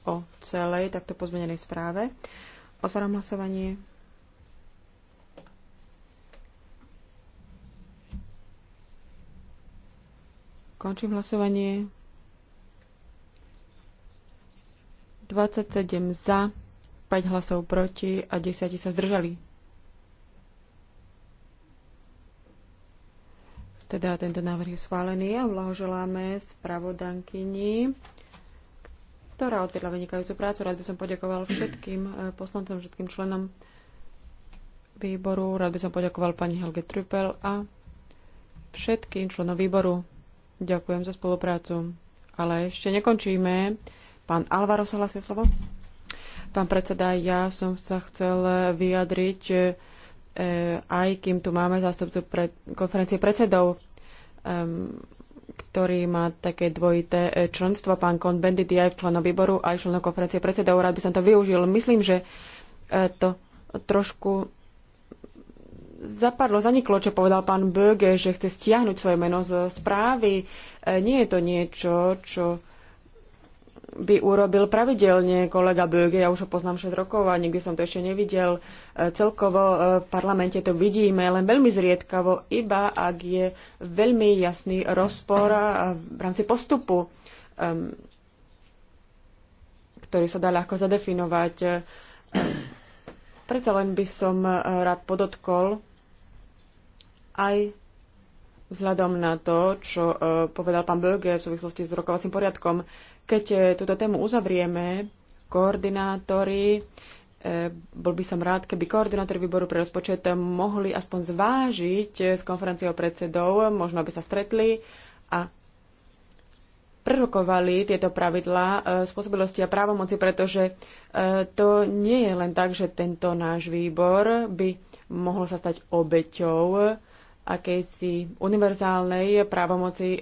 [SPEAKER 3] o celej takto pozmenenej správe. Otváram hlasovanie. Končím hlasovanie. 27 za, 5 hlasov proti a 10 sa zdržali. Teda tento návrh je schválený a blahoželáme spravodankyni, ktorá odvedla vynikajúcu prácu. Rád by som poďakoval všetkým eh, poslancom, všetkým členom výboru. Rád by som poďakoval pani Helge Trupel a všetkým členom výboru. Ďakujem za spoluprácu. Ale ešte nekončíme. Pán Alvaro sa hlasí slovo. Pán predseda, ja som sa chcel vyjadriť, e, aj kým tu máme zástupcu pre, konferencie predsedov, um, ktorý má také dvojité e, členstvo, pán Kon Bendit je aj členom výboru, aj členom konferencie predsedov, rád by som to využil. Myslím, že to trošku zapadlo, zaniklo, čo povedal pán Böge, že chce stiahnuť svoje meno zo správy. nie je to niečo, čo by urobil pravidelne kolega Böge, ja už ho poznám 6 rokov a nikdy som to ešte nevidel. E, celkovo e, v parlamente to vidíme len veľmi zriedkavo, iba ak je veľmi jasný rozpor v rámci postupu, ktorý sa dá ľahko zadefinovať. E, predsa len by som rád podotkol aj vzhľadom na to, čo povedal pán Böge v súvislosti s rokovacím poriadkom, keď e, túto tému uzavrieme, koordinátori, e, bol by som rád, keby koordinátori výboru pre rozpočet mohli aspoň zvážiť e, s konferenciou predsedov, možno by sa stretli a prerokovali tieto pravidlá spôsobilosti a právomoci, pretože to nie je len tak, že tento náš výbor by mohol sa stať obeťou akejsi univerzálnej právomoci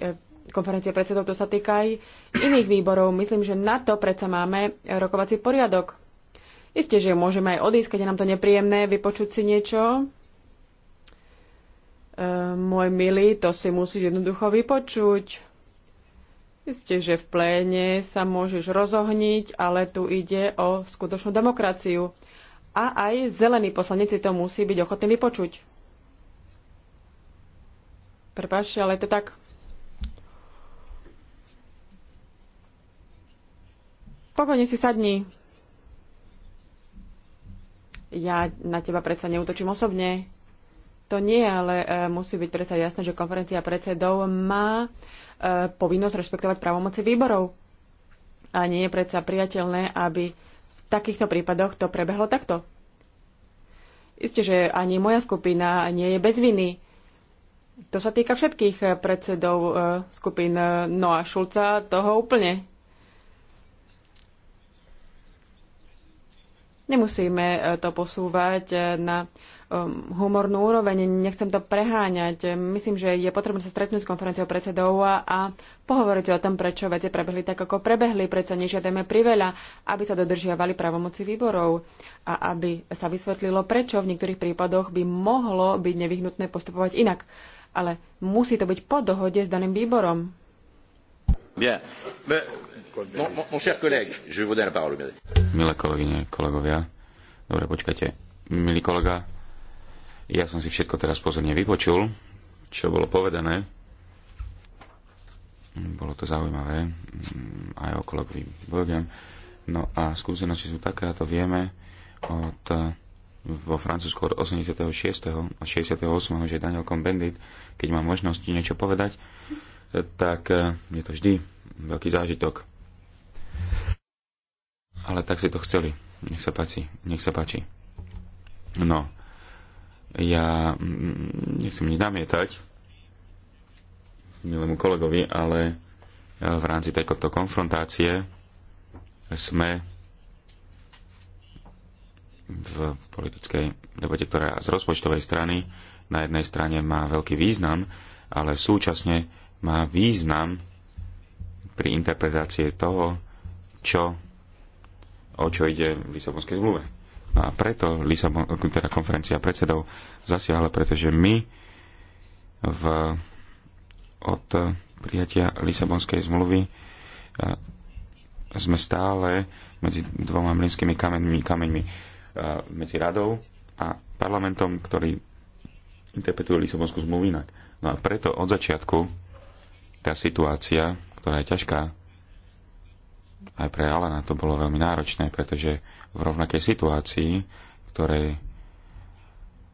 [SPEAKER 3] konferencie predsedov, to sa týka aj iných výborov. Myslím, že na to predsa máme rokovací poriadok. Isté, že môžeme aj odísť, keď je nám to nepríjemné, vypočuť si niečo. E, môj milý, to si musí jednoducho vypočuť. Isté, že v pléne sa môžeš rozohniť, ale tu ide o skutočnú demokraciu. A aj zelený poslanec si to musí byť ochotný vypočuť. Prepašte, ale to tak. Pokojne si sadni. Ja na teba predsa neutočím osobne. To nie, ale e, musí byť predsa jasné, že konferencia predsedov má e, povinnosť rešpektovať právomoci výborov. A nie je predsa priateľné, aby v takýchto prípadoch to prebehlo takto. Isté, že ani moja skupina nie je bez viny. To sa týka všetkých predsedov e, skupín Noa Šulca, toho úplne. Nemusíme e, to posúvať e, na um, humornú úroveň, nechcem to preháňať. Myslím, že je potrebné sa stretnúť s konferenciou predsedov a, a pohovoriť o tom, prečo veci prebehli tak, ako prebehli. Prečo nežiadame priveľa, aby sa dodržiavali právomoci výborov a aby sa vysvetlilo, prečo v niektorých prípadoch by mohlo byť nevyhnutné postupovať inak. Ale musí to byť po dohode s daným výborom.
[SPEAKER 4] Yeah. But,
[SPEAKER 2] Milé kolegyne, kolegovia, dobre, počkajte. Milý kolega, ja som si všetko teraz pozorne vypočul, čo bolo povedané. Bolo to zaujímavé mm, aj o kolegovi Bojgem. No a skúsenosti sú také, a to vieme, od, vo Francúzsku od 86. a 68. že Daniel Cohn-Bendit, keď má možnosť niečo povedať, tak eh, je to vždy veľký zážitok ale tak si to chceli. Nech sa páči, nech sa páči. No, ja mm, nechcem nič namietať milému kolegovi, ale e, v rámci tejto konfrontácie sme v politickej debate, ktorá z rozpočtovej strany na jednej strane má veľký význam, ale súčasne má význam pri interpretácii toho, čo o čo ide v Lisabonskej zmluve. No a preto Lisabon, teda konferencia predsedov zasiahla, pretože my v, od prijatia Lisabonskej zmluvy sme stále medzi dvoma mlinskými kameňmi, kameňmi medzi radou a parlamentom, ktorý interpretuje Lisabonskú zmluvu inak. No a preto od začiatku tá situácia, ktorá je ťažká aj pre Alana to bolo veľmi náročné, pretože v rovnakej situácii, ktorej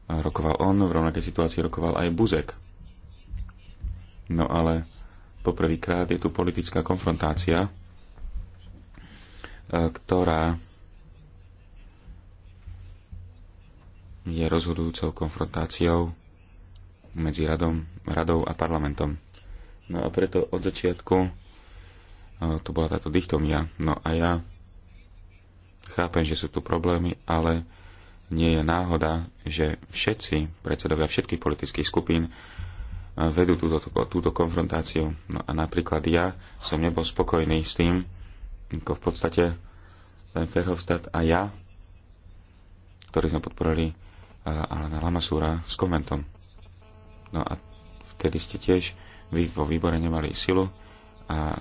[SPEAKER 2] rokoval on, v rovnakej situácii rokoval aj Buzek. No ale poprvýkrát je tu politická konfrontácia, e, ktorá je rozhodujúcou konfrontáciou medzi radom, radou a parlamentom. No a preto od začiatku tu bola táto dichtomia. No a ja chápem, že sú tu problémy, ale nie je náhoda, že všetci predsedovia všetkých politických skupín e, vedú túto, túto konfrontáciu. No a napríklad ja som nebol spokojný s tým, ako v podstate len Ferhovstad a ja, ktorí sme podporili e, Alana Lamasúra s konventom. No a vtedy ste tiež vy vo výbore nemali silu a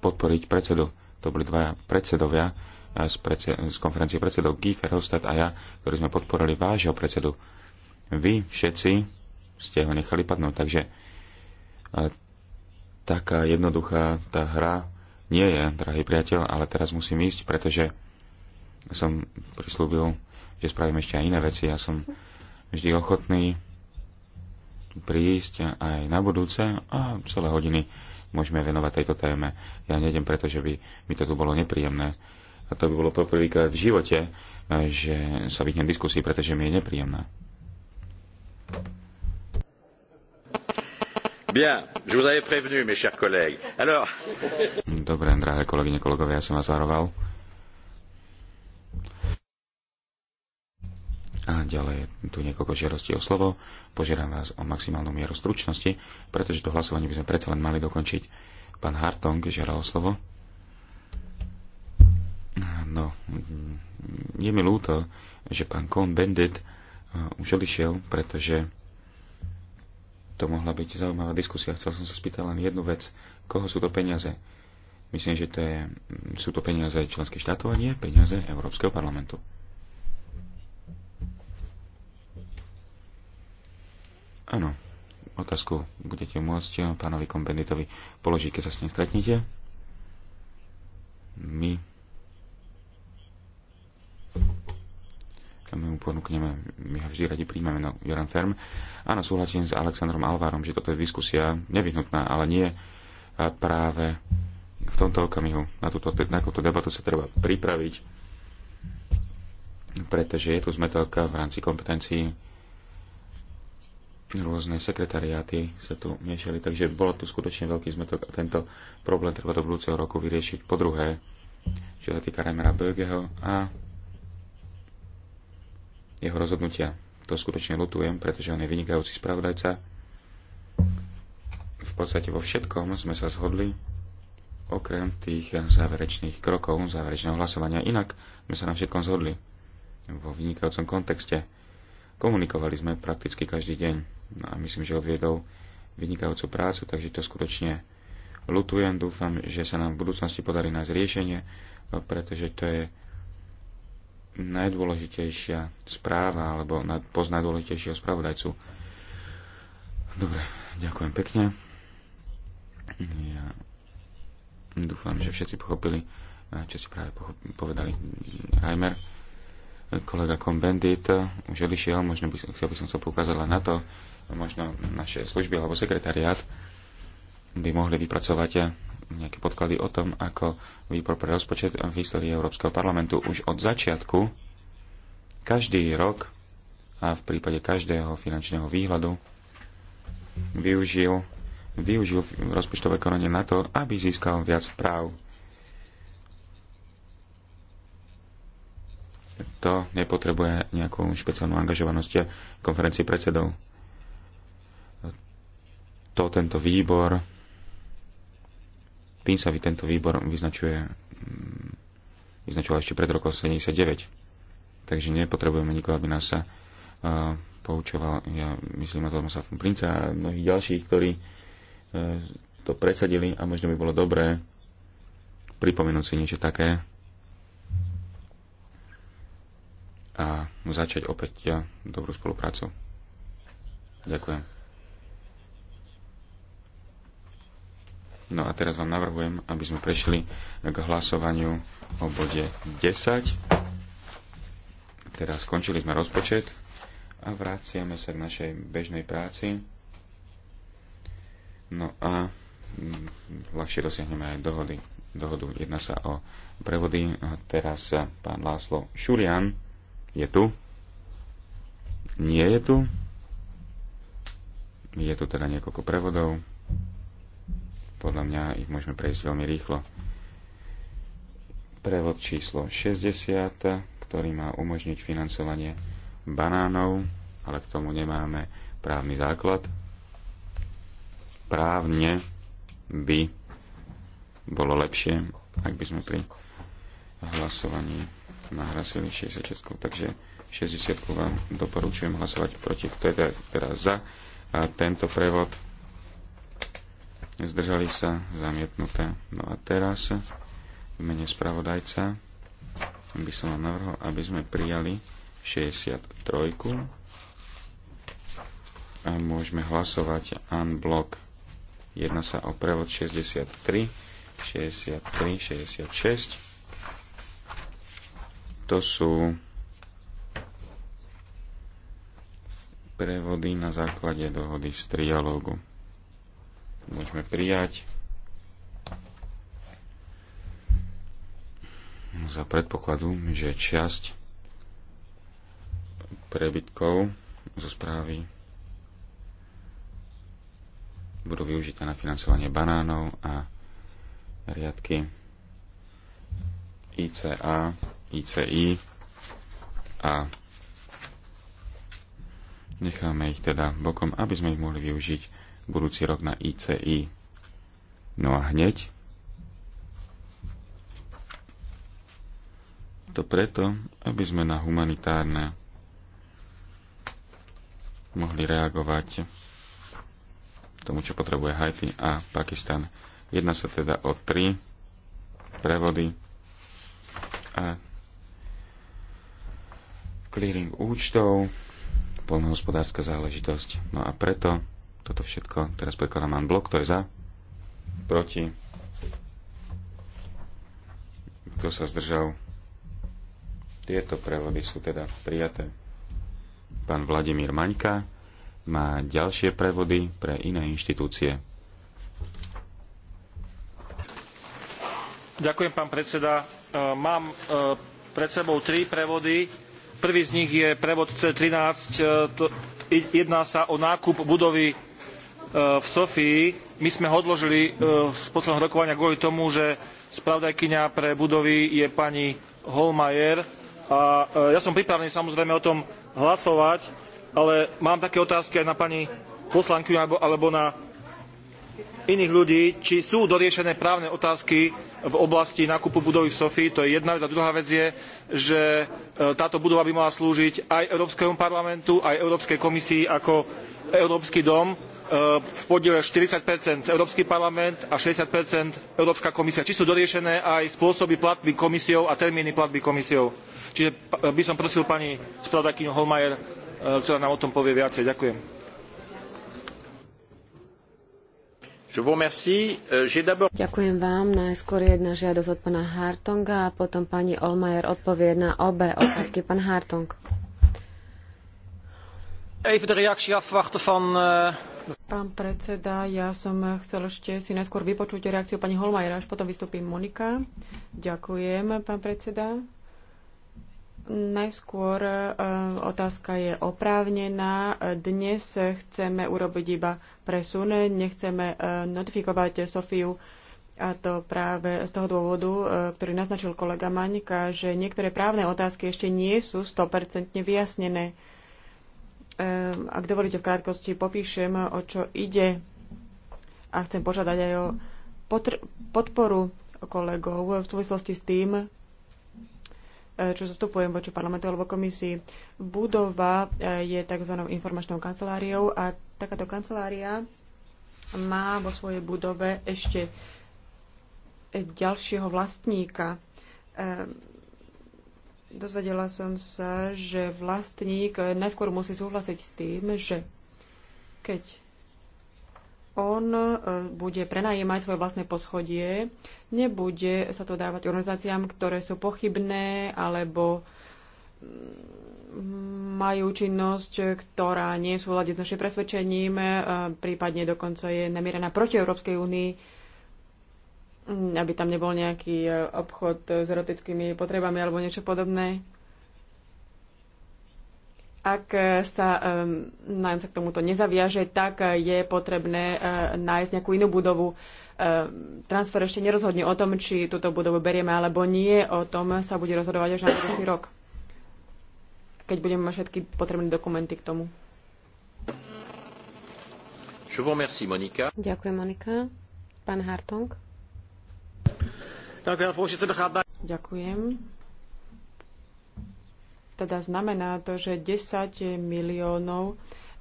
[SPEAKER 2] podporiť predsedu. To boli dvaja predsedovia e, z, predse- z konferencie predsedov Guy Verhofstadt a ja, ktorí sme podporili vášho predsedu. Vy všetci ste ho nechali padnúť, takže e, taká jednoduchá tá hra nie je, drahý priateľ, ale teraz musím ísť, pretože som prislúbil, že spravím ešte aj iné veci. Ja som vždy ochotný prísť aj na budúce a celé hodiny môžeme venovať tejto téme. Ja nejdem, pretože by mi to tu bolo nepríjemné. A to by bolo poprvýkrát v živote, e, že sa vyhnem diskusii, pretože mi je nepríjemné.
[SPEAKER 4] Bien, je vous avais prévenu, mes chers collègues. Alors...
[SPEAKER 2] Dobre, drahé kolegyne, kolegovia, ja som vás varoval. A ďalej tu niekoľko žiarostí o slovo. Požiadam vás o maximálnu mieru stručnosti, pretože to hlasovanie by sme predsa len mali dokončiť. Pán Hartong žiadal o slovo. No, je mi ľúto, že pán Kohn Bendit uh, už odišiel, pretože to mohla byť zaujímavá diskusia. Chcel som sa spýtať len jednu vec. Koho sú to peniaze? Myslím, že to je, mm, sú to peniaze členských štátov a nie peniaze Európskeho parlamentu. Áno, otázku budete môcť eh, pánovi kompenditovi položiť, keď sa s ním stretnete. My my mu ponúkneme, my ho vždy radi príjmeme, no, Joran Ferm. Áno, súhlasím s Alexandrom Alvárom, že toto je diskusia nevyhnutná, ale nie eh, práve v tomto okamihu. Na túto, na túto debatu sa treba pripraviť, pretože je tu zmetelka v rámci kompetencií rôzne sekretariáty sa tu miešali, takže bolo tu skutočne veľký zmetok a tento problém treba do budúceho roku vyriešiť po druhé, čo sa týka Reimera Bögeho a jeho rozhodnutia. To skutočne lutujem, pretože on je vynikajúci spravodajca. V podstate vo všetkom sme sa zhodli, okrem tých záverečných krokov, záverečného hlasovania. Inak sme sa na všetkom zhodli vo vynikajúcom kontexte Komunikovali sme prakticky každý deň no a myslím, že odviedol vynikajúcu prácu, takže to skutočne lutujem. Dúfam, že sa nám v budúcnosti podarí nájsť riešenie, pretože to je najdôležitejšia správa alebo poz najdôležitejšieho spravodajcu. Dobre, ďakujem pekne. Ja dúfam, že všetci pochopili, čo si práve povedali Reimer kolega Kombendit už odišiel, možno by, chcel by som sa poukázala na to, možno naše služby alebo sekretariát by mohli vypracovať nejaké podklady o tom, ako výbor pre rozpočet v histórii Európskeho parlamentu už od začiatku každý rok a v prípade každého finančného výhľadu využil, využil rozpočtové konanie na to, aby získal viac práv to nepotrebuje nejakú špeciálnu angažovanosť konferencie predsedov. To tento výbor, tým sa tento výbor vyznačuje, mm, vyznačoval ešte pred rokom 79. Takže nepotrebujeme nikoho, aby nás sa uh, poučoval, ja myslím na Tomasa Princa a mnohých ďalších, ktorí uh, to presadili a možno by bolo dobré pripomenúť si niečo také, a začať opäť dobrú spoluprácu. Ďakujem. No a teraz vám navrhujem, aby sme prešli k hlasovaniu o bode 10. Teraz skončili sme rozpočet a vraciame sa k našej bežnej práci. No a mm, ľahšie dosiahneme aj dohody. dohodu. Jedna sa o prevody. A teraz pán Láslo Šurian je tu? Nie je tu? Je tu teda niekoľko prevodov. Podľa mňa ich môžeme prejsť veľmi rýchlo. Prevod číslo 60, ktorý má umožniť financovanie banánov, ale k tomu nemáme právny základ. Právne by bolo lepšie, ak by sme pri hlasovaní nahlasili 66, takže 60 vám doporučujem hlasovať proti, kto je teraz teda za a tento prevod. Zdržali sa zamietnuté. No a teraz v mene spravodajca by som vám navrhol, aby sme prijali 63 a môžeme hlasovať unblock. Jedná sa o prevod 63, 63, 66 to sú prevody na základe dohody z trialógu. Môžeme prijať za predpokladu, že časť prebytkov zo správy budú využité na financovanie banánov a riadky ICA ICI a necháme ich teda bokom, aby sme ich mohli využiť budúci rok na ICI. No a hneď to preto, aby sme na humanitárne mohli reagovať tomu, čo potrebuje Haiti a Pakistan. Jedná sa teda o tri prevody a clearing účtov, polnohospodárska záležitosť. No a preto toto všetko teraz prekladám mám blok, to je za, proti, kto sa zdržal. Tieto prevody sú teda prijaté. Pán Vladimír Maňka má ďalšie prevody pre iné inštitúcie.
[SPEAKER 5] Ďakujem, pán predseda. Mám e, pred sebou tri prevody Prvý z nich je prevod C13. E, jedná sa o nákup budovy e, v Sofii. My sme ho odložili e, z posledného rokovania kvôli tomu, že spravodajkyňa pre budovy je pani Holmajer. A ja som pripravený samozrejme o tom hlasovať, ale mám také otázky aj na pani poslankyňu alebo na iných ľudí, či sú doriešené právne otázky v oblasti nákupu budovy v Sofii, to je jedna vec. A druhá vec je, že e, táto budova by mala slúžiť aj Európskemu parlamentu, aj Európskej komisii ako Európsky dom e, v podiele 40 Európsky parlament a 60 Európska komisia. Či sú doriešené aj spôsoby platby komisiou a termíny platby komisiou. Čiže e, by som prosil pani spravodajkyňu Holmajer, ktorá nám o tom povie viacej. Ďakujem.
[SPEAKER 4] Euh, Ďakujem
[SPEAKER 1] vám. Najskôr jedna žiadosť od pána Hartonga a potom pani Olmajer odpovie na obe otázky. Pán Hartong.
[SPEAKER 5] Eh,
[SPEAKER 3] pán predseda, ja som chcel ešte si najskôr vypočuť reakciu pani Holmajera, až potom vystúpi Monika. Ďakujem, pán predseda. Najskôr e, otázka je oprávnená. Dnes chceme urobiť iba presun, nechceme e, notifikovať Sofiu a to práve z toho dôvodu, e, ktorý naznačil kolega Maňka, že niektoré právne otázky ešte nie sú 100% vyjasnené. Ak dovolíte, v krátkosti popíšem, o čo ide a chcem požiadať aj o podporu kolegov v súvislosti s tým, E, čo zastupujem voči parlamentu alebo komisii. Budova e, je tzv. informačnou kanceláriou a takáto kancelária má vo svojej budove ešte ďalšieho vlastníka. E, dozvedela som sa, že vlastník najskôr musí súhlasiť s tým, že keď on e, bude prenajímať svoje vlastné poschodie, nebude sa to dávať organizáciám, ktoré sú pochybné alebo mm, majú činnosť, ktorá nie je v súlade s našim presvedčením, e, prípadne dokonca je namierená proti Európskej únii, mm, aby tam nebol nejaký e, obchod s erotickými potrebami alebo niečo podobné. Ak e, sa um, e, nájom sa k tomuto nezaviaže, tak e, je potrebné uh, nájsť nejakú inú budovu. transfer ešte nerozhodne o tom, či túto budovu berieme alebo nie. O tom sa bude rozhodovať až na budúci rok, keď budeme mať všetky potrebné dokumenty k tomu.
[SPEAKER 4] Je vous remercie, Monika.
[SPEAKER 3] Ďakujem, Monika. Pán Hartong. Ďakujem. Teda znamená to, že 10 miliónov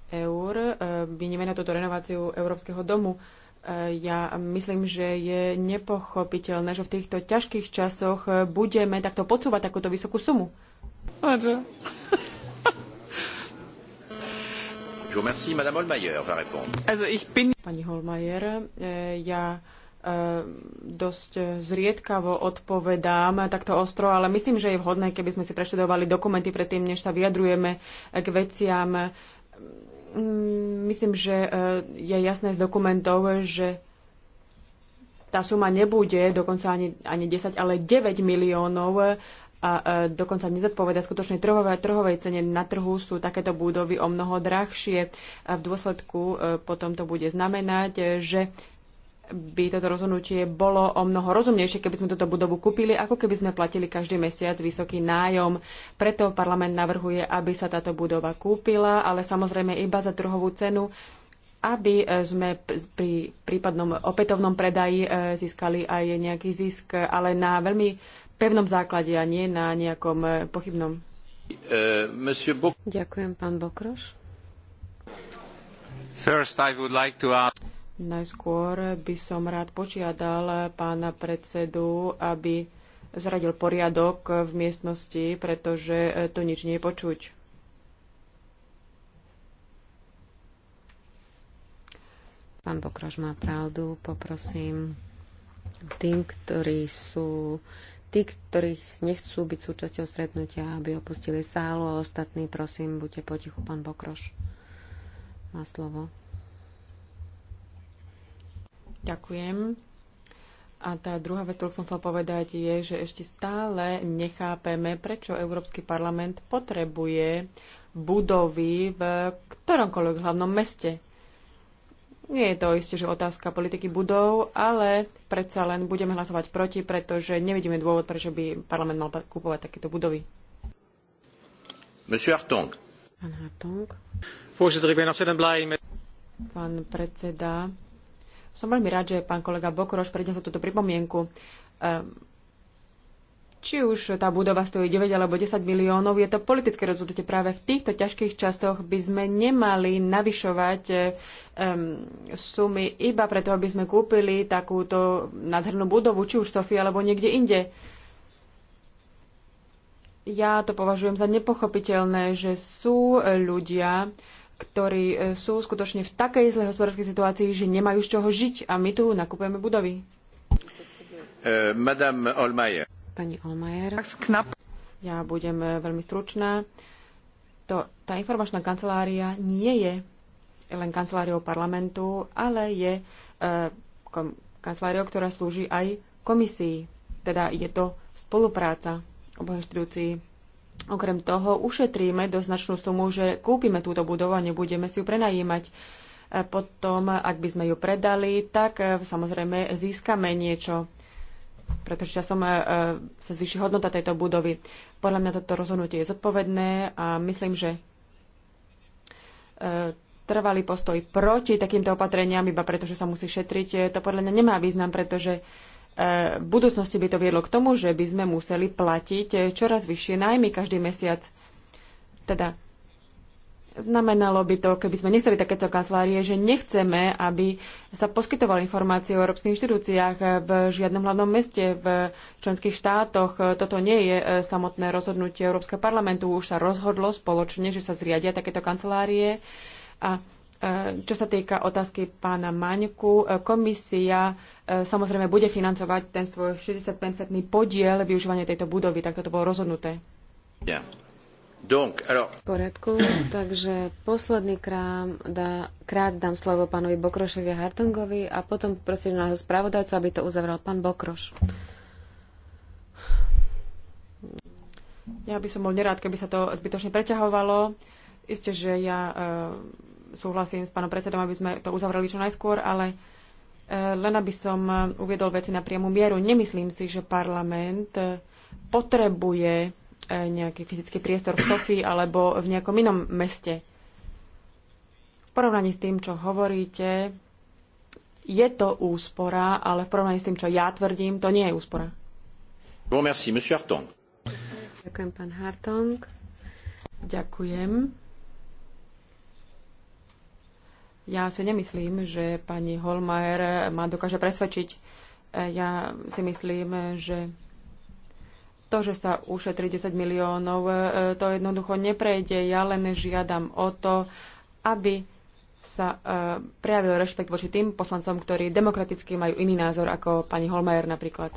[SPEAKER 3] eur e, vynieme na túto renováciu Európskeho domu. E, ja myslím, že je nepochopiteľné, že v týchto ťažkých časoch budeme takto podsúvať takúto vysokú sumu. Pani Holmajer, e, ja Eh, dosť zriedkavo odpovedám takto ostro, ale myslím, že je vhodné, keby sme si preštudovali dokumenty predtým, než sa vyjadrujeme k veciam. Mm, myslím, že eh, je jasné z dokumentov, že tá suma nebude dokonca ani, ani 10, ale 9 miliónov a eh, dokonca nezodpoveda skutočnej trhovej, trhovej cene. Na trhu sú takéto budovy o mnoho drahšie a v dôsledku potom to bude znamenať, že by toto rozhodnutie bolo o mnoho rozumnejšie, keby sme túto budovu kúpili, ako keby sme platili každý mesiac vysoký nájom. Preto parlament navrhuje, aby sa táto budova kúpila, ale samozrejme iba za trhovú cenu, aby e, sme pri prípadnom opätovnom predaji e, získali aj nejaký zisk, ale na veľmi pevnom základe a nie na nejakom e, pochybnom. Ďakujem, pán Bokroš. Najskôr by som rád požiadal pána predsedu, aby zradil poriadok v miestnosti, pretože e, tu nič nie je počuť.
[SPEAKER 1] Pán Pokroš má pravdu. Poprosím tým, ktorí sú tí, ktorí nechcú byť súčasťou stretnutia, aby opustili sálu a ostatní, prosím, buďte potichu, pán Bokroš. Má
[SPEAKER 3] slovo. Ďakujem. A tá druhá vec, ktorú som chcel povedať, je, že ešte stále nechápeme, prečo Európsky parlament potrebuje budovy v ktoromkoľvek hlavnom meste. Nie je to isté, že otázka politiky budov, ale predsa len budeme hlasovať proti, pretože nevidíme dôvod, prečo by parlament mal kúpovať takéto budovy.
[SPEAKER 4] Monsieur Hartong.
[SPEAKER 3] Pán Hartong. Pán predseda, som veľmi rád, že pán kolega Bokoroš prednesol túto pripomienku. Ehm, či už tá budova stojí 9 alebo 10 miliónov, je to politické rozhodnutie. Práve v týchto ťažkých časoch by sme nemali navyšovať um, sumy iba preto, aby sme kúpili takúto nádhernú budovu, či už Sofie alebo niekde inde. Ja to považujem za nepochopiteľné, že sú ľudia, ktorí e, sú skutočne v takej zlej hospodárskej situácii, že nemajú z čoho žiť a my tu nakupujeme budovy.
[SPEAKER 4] Uh, Madame Olmayer.
[SPEAKER 3] Pani Olmayer. Ja budem e, veľmi stručná. To, tá informačná kancelária nie je len kanceláriou parlamentu, ale je uh, kom, kanceláriou, ktorá slúži aj komisii. Teda je to spolupráca oboch Okrem toho ušetríme do značnú sumu, že kúpime túto budovu a nebudeme si ju prenajímať. Potom, ak by sme ju predali, tak e, samozrejme získame niečo, pretože časom e, e, sa zvýši hodnota tejto budovy. Podľa mňa toto rozhodnutie je zodpovedné a myslím, že trvalý postoj proti takýmto opatreniam, iba pretože sa musí šetriť, to podľa mňa nemá význam, pretože E, v budúcnosti by to viedlo k tomu, že by sme museli platiť e, čoraz vyššie najmy každý mesiac. Teda znamenalo by to, keby sme nechceli takéto kancelárie, že nechceme, aby sa poskytovali informácie o európskych inštitúciách v žiadnom hlavnom meste v členských štátoch. E, toto nie je samotné rozhodnutie Európskeho parlamentu. Už sa rozhodlo spoločne, že sa zriadia takéto kancelárie. A čo sa týka otázky pána Maňku, komisia E, samozrejme bude financovať ten svoj 60-percentný podiel využívania tejto budovy, tak toto bolo rozhodnuté.
[SPEAKER 4] Yeah. Donc, alors...
[SPEAKER 3] poriadku, takže
[SPEAKER 1] posledný krám dá, krát dám slovo pánovi Bokrošovi a Hartongovi a potom prosím nášho spravodajcu, aby to uzavrel pán Bokroš.
[SPEAKER 3] Ja by som bol nerád, keby sa to zbytočne preťahovalo. Isté, že ja e, súhlasím s pánom predsedom, aby sme to uzavreli čo najskôr, ale len aby som eh, uviedol veci na priamu mieru, nemyslím si, že parlament eh, potrebuje eh, nejaký fyzický priestor v Sofii alebo v nejakom inom meste. V porovnaní s tým, čo hovoríte, je to úspora, ale v porovnaní s tým, čo ja tvrdím, to nie je úspora. Bon, merci, Ďakujem, pán Hartong. Ďakujem. Ja si nemyslím, že pani Holmajer ma dokáže presvedčiť. E, ja si myslím, že to, že sa ušetri 10 miliónov, e, to jednoducho neprejde. Ja len žiadam o to, aby sa e, prejavil rešpekt voči tým poslancom, ktorí demokraticky majú iný názor ako pani Holmajer napríklad.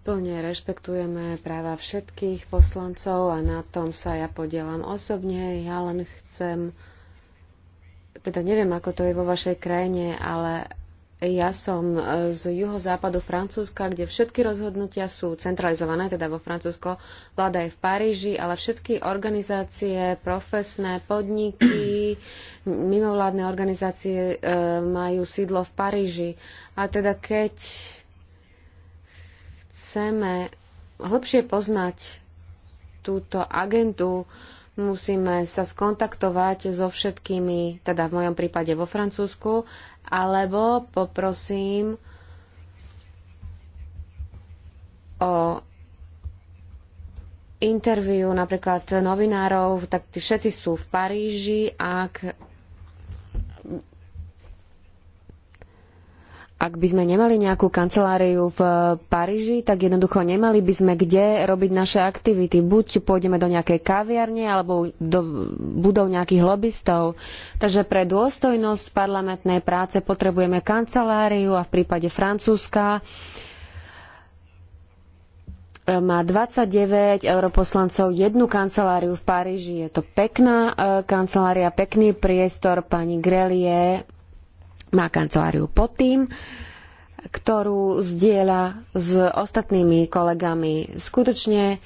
[SPEAKER 3] Plne rešpektujeme
[SPEAKER 1] práva všetkých poslancov a na tom sa ja podielam osobne. Ja len chcem teda neviem, ako to je vo vašej krajine, ale ja som e, z juhozápadu Francúzska, kde všetky rozhodnutia sú centralizované, teda vo Francúzsko. Vláda je v Paríži, ale všetky organizácie, profesné podniky, mimovládne organizácie e, majú sídlo v Paríži. A teda keď chceme hlbšie poznať túto agentu, musíme sa skontaktovať so všetkými, teda v mojom prípade vo Francúzsku, alebo poprosím o interviu napríklad novinárov, tak tí všetci sú v Paríži, ak ak by sme nemali nejakú kanceláriu v eh, Paríži, tak jednoducho nemali by sme kde robiť naše aktivity. Buď pôjdeme do nejakej kaviarne, alebo do budov nejakých lobbystov. Takže pre dôstojnosť parlamentnej práce potrebujeme kanceláriu a v prípade Francúzska eh, má 29 europoslancov jednu kanceláriu v Paríži. Je to pekná eh, kancelária, pekný priestor. Pani Grelie má kanceláriu pod tým, ktorú zdieľa s ostatnými kolegami. Skutočne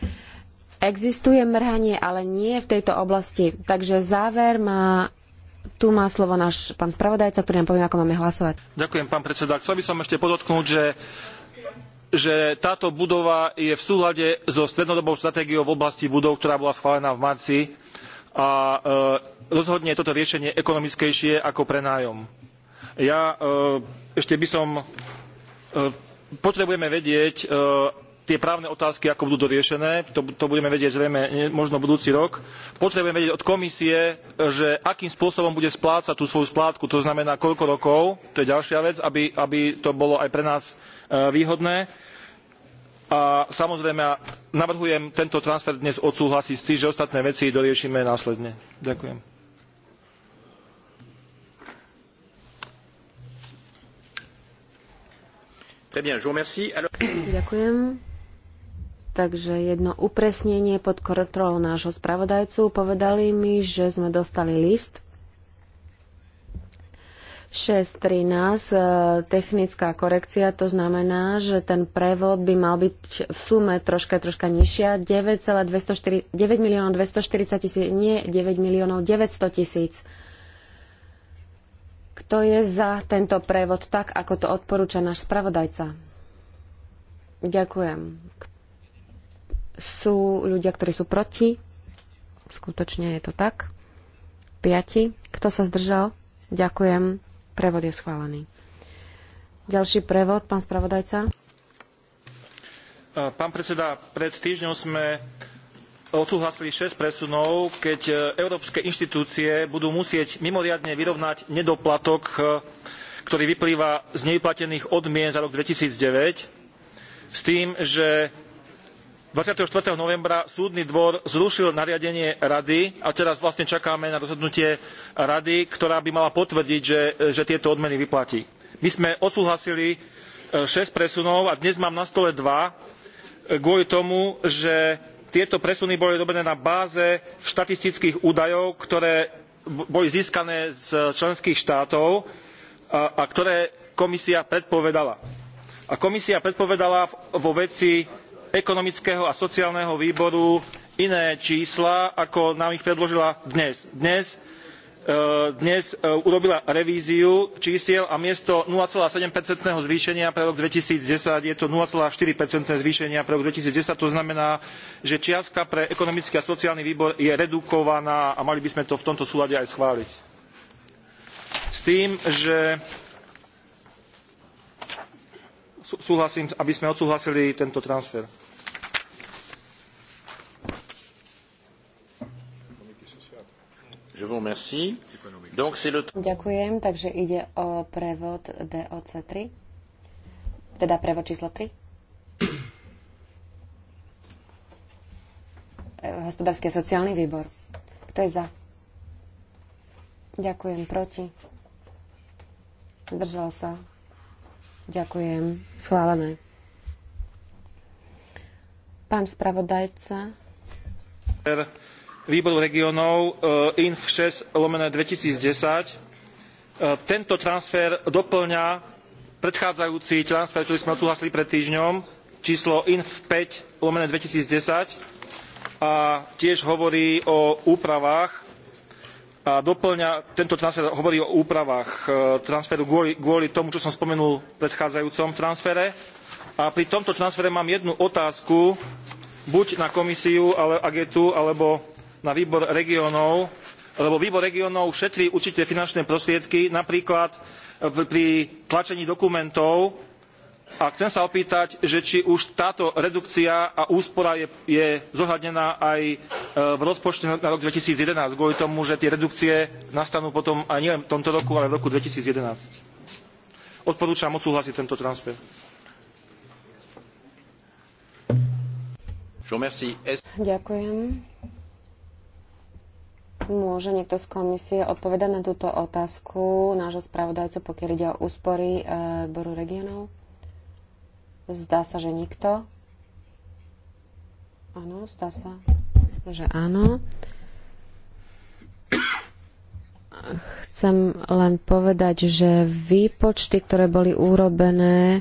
[SPEAKER 1] existuje mrhanie, ale nie v tejto oblasti. Takže záver má tu má slovo náš pán spravodajca, ktorý nám povie, ako máme hlasovať.
[SPEAKER 5] Ďakujem, pán predseda. Chcel by som ešte podotknúť, že že táto budova je v súhľade so strednodobou stratégiou v oblasti budov, ktorá bola schválená v marci a e, rozhodne je toto riešenie ekonomickejšie ako prenájom ja eh, ešte by som... Eh, potrebujeme vedieť eh, tie právne otázky, ako budú doriešené. To, to budeme vedieť zrejme možno budúci rok. Potrebujeme vedieť od komisie, že akým spôsobom bude splácať tú svoju splátku, to znamená koľko rokov, to je ďalšia vec, aby, aby to bolo aj pre nás výhodné. A samozrejme, ja navrhujem tento transfer dnes odsúhlasiť s tým, že ostatné veci doriešime následne. Ďakujem.
[SPEAKER 4] Ďakujem.
[SPEAKER 1] Takže jedno upresnenie pod kontrolou nášho spravodajcu. Povedali mi, že sme dostali list 6.13, e, technická korekcia, to znamená, že ten prevod by mal byť v sume troška, troška nižšia, 9 miliónov 240 tisíc, nie 9 miliónov 900 tisíc. Kto je za tento prevod tak, ako to odporúča náš spravodajca? Ďakujem. Sú ľudia, ktorí sú proti? Skutočne je to tak. Piati. Kto sa zdržal? Ďakujem. Prevod je schválený. Ďalší prevod, pán spravodajca.
[SPEAKER 5] Pán predseda, pred týždňom sme odsúhlasili 6 presunov, keď e, európske inštitúcie budú musieť mimoriadne vyrovnať nedoplatok, e, ktorý vyplýva z nevyplatených odmien za rok 2009, s tým, že 24. novembra súdny dvor zrušil nariadenie rady a teraz vlastne čakáme na rozhodnutie rady, ktorá by mala potvrdiť, že, e, že tieto odmeny vyplatí. My sme odsúhlasili 6 presunov a dnes mám na stole dva kvôli tomu, že tieto presuny boli robené na báze štatistických údajov ktoré boli získané z členských štátov a, a ktoré komisia predpovedala. a komisia predpovedala vo veci ekonomického a sociálneho výboru iné čísla ako nám ich predložila dnes. dnes E, dnes e, urobila revíziu čísiel a miesto 0,7 zvýšenia pre rok 2010 je to 0,4 zvýšenia pre rok 2010. To znamená, že čiastka pre ekonomický a sociálny výbor je redukovaná a mali by sme to v tomto súlade aj schváliť. S tým, že súhlasím, aby sme odsúhlasili tento transfer. Je vous
[SPEAKER 4] remercie. Donc, le...
[SPEAKER 1] Ďakujem, takže ide o prevod DOC3, teda prevod číslo 3. *clears throat* Hospodársky a sociálny výbor. Kto je za? Ďakujem, proti. Zdržal sa. Ďakujem. Schválené. Pán spravodajca.
[SPEAKER 5] Er, výboru regiónov eh, INF 6 lomené 2010. Eh, tento transfer doplňa predchádzajúci transfer, ktorý sme odsúhlasili pred týždňom, číslo INF 5 lomené 2010 a tiež hovorí o úpravách a doplňa, tento transfer hovorí o úpravách eh, transferu kvôli, kvôli tomu, čo som spomenul v predchádzajúcom transfere. A pri tomto transfere mám jednu otázku, buď na komisiu, ale ak je tu, alebo na výbor regiónov, lebo výbor regiónov šetrí určité finančné prostriedky, napríklad e, pri tlačení dokumentov. A chcem sa opýtať, že či už táto redukcia a úspora je, je zohľadnená aj e, v rozpočte na rok 2011, kvôli tomu, že tie redukcie nastanú potom aj nielen v tomto roku, ale v roku 2011. Odporúčam odsúhlasiť tento transfer.
[SPEAKER 1] Ďakujem. Môže niekto z komisie odpovedať na túto otázku nášho spravodajcu, pokiaľ ide o úspory e, boru regionov? Zdá sa, že nikto. Áno, zdá sa, že áno. Chcem len povedať, že výpočty, ktoré boli urobené, e,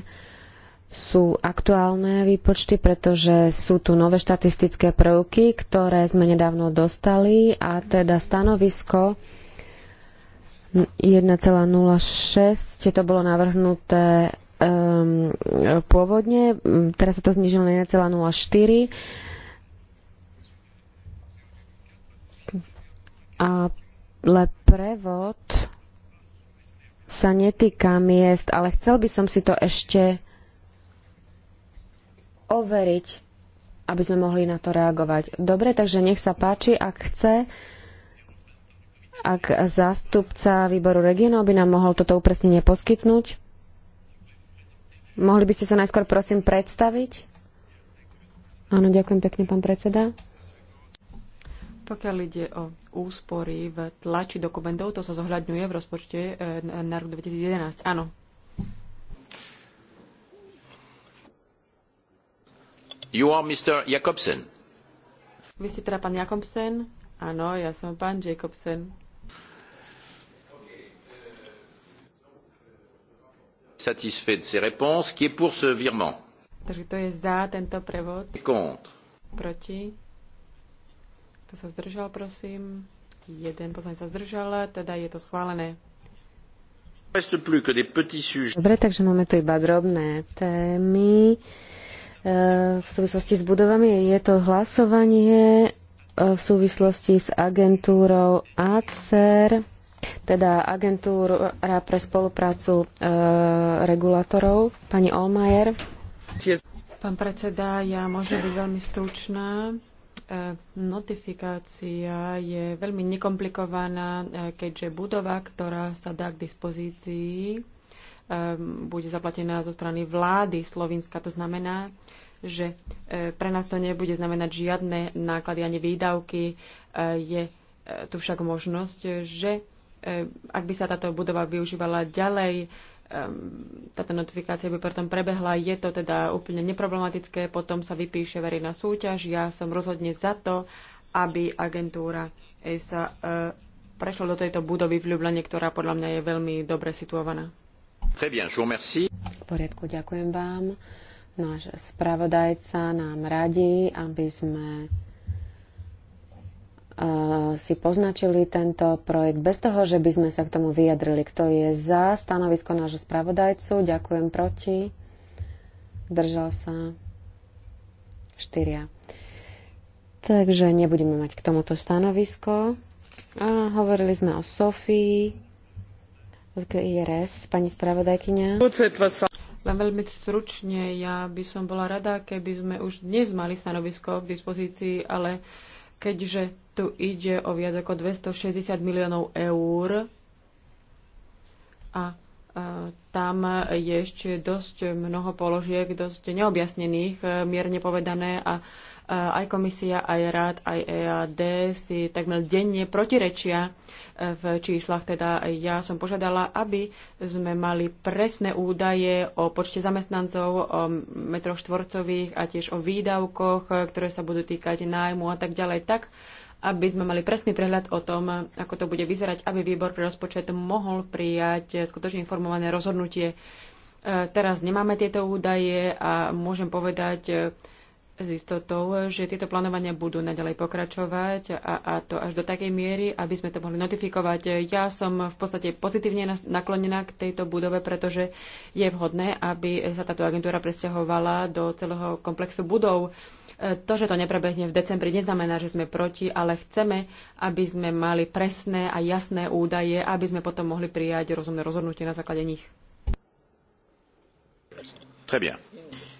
[SPEAKER 1] sú aktuálne výpočty, pretože sú tu nové štatistické prvky, ktoré sme nedávno dostali a teda stanovisko 1,06 to bolo navrhnuté um, pôvodne, teraz sa to znižilo na 1,04 ale prevod sa netýka miest, ale chcel by som si to ešte overiť, aby sme mohli na to reagovať. Dobre, takže nech sa páči, ak chce, ak zástupca výboru regionov by nám mohol toto upresnenie poskytnúť. Mohli by ste sa najskôr prosím predstaviť? Áno, ďakujem pekne, pán predseda.
[SPEAKER 3] Pokiaľ ide o úspory v tlači dokumentov, to sa zohľadňuje v rozpočte eh, na rok 2011. Áno,
[SPEAKER 4] You are Mr. Jacobsen.
[SPEAKER 3] Vy ste teda pán Jakobsen? Áno, ja som pán Jacobsen.
[SPEAKER 4] Satisfait de ses réponses, qui est pour ce virement?
[SPEAKER 3] Takže to je za tento prevod. Contre. Proti. To sa zdržal, prosím. Jeden poslanec sa zdržal, teda je to schválené.
[SPEAKER 1] Dobre, takže máme tu iba drobné témy v súvislosti s budovami. Je to hlasovanie e, v súvislosti s agentúrou ACER, teda agentúra pre spoluprácu e, regulátorov, pani Olmajer.
[SPEAKER 3] Pán predseda, ja môžem byť veľmi stručná. E, notifikácia je veľmi nekomplikovaná, keďže budova, ktorá sa dá k dispozícii, Ehm, bude zaplatená zo strany vlády Slovenska. To znamená, že e, pre nás to nebude znamenať žiadne náklady ani výdavky. E, je e, tu však možnosť, že ak by sa táto budova využívala ďalej, táto notifikácia by potom prebehla. Je to teda úplne neproblematické, potom sa vypíše verejná súťaž. Ja som rozhodne za to, aby agentúra sa prešla do tejto budovy v Ljubljane, ktorá podľa mňa je veľmi dobre situovaná.
[SPEAKER 4] V
[SPEAKER 1] poriadku, ďakujem vám. Náš spravodajca nám radí, aby sme e, si poznačili tento projekt bez toho, že by sme sa k tomu vyjadrili. Kto je za stanovisko nášho spravodajcu? Ďakujem proti. Držal sa. Štyria. Takže nebudeme mať k tomuto stanovisko. A hovorili sme o Sofii. IRS, pani spravodajkyňa.
[SPEAKER 3] Len veľmi stručne, ja by som bola rada, keby sme už dnes mali stanovisko k dispozícii, ale keďže tu ide o viac ako 260 miliónov eur a tam je ešte dosť mnoho položiek, dosť neobjasnených, e, mierne povedané a e, aj komisia, aj rád, aj EAD si takmer denne protirečia e, v číslach. Teda ja som požiadala, aby sme mali presné údaje o počte zamestnancov, o metroch štvorcových a tiež o výdavkoch, ktoré sa budú týkať nájmu a tak ďalej. Tak, aby sme mali presný prehľad o tom, ako to bude vyzerať, aby výbor pre rozpočet mohol prijať eh, skutočne informované rozhodnutie. Eh, teraz nemáme tieto údaje a môžem povedať eh, s istotou, že tieto plánovania budú naďalej pokračovať a, a to až do takej miery, aby sme to mohli notifikovať. Ja som v podstate pozitívne naklonená k tejto budove, pretože je vhodné, aby sa táto agentúra presťahovala do celého komplexu budov to, že to neprebehne v decembri, neznamená, že sme proti, ale chceme, aby sme mali presné a jasné údaje, aby sme potom mohli prijať rozumné rozhodnutie na základe nich.
[SPEAKER 4] Très bien.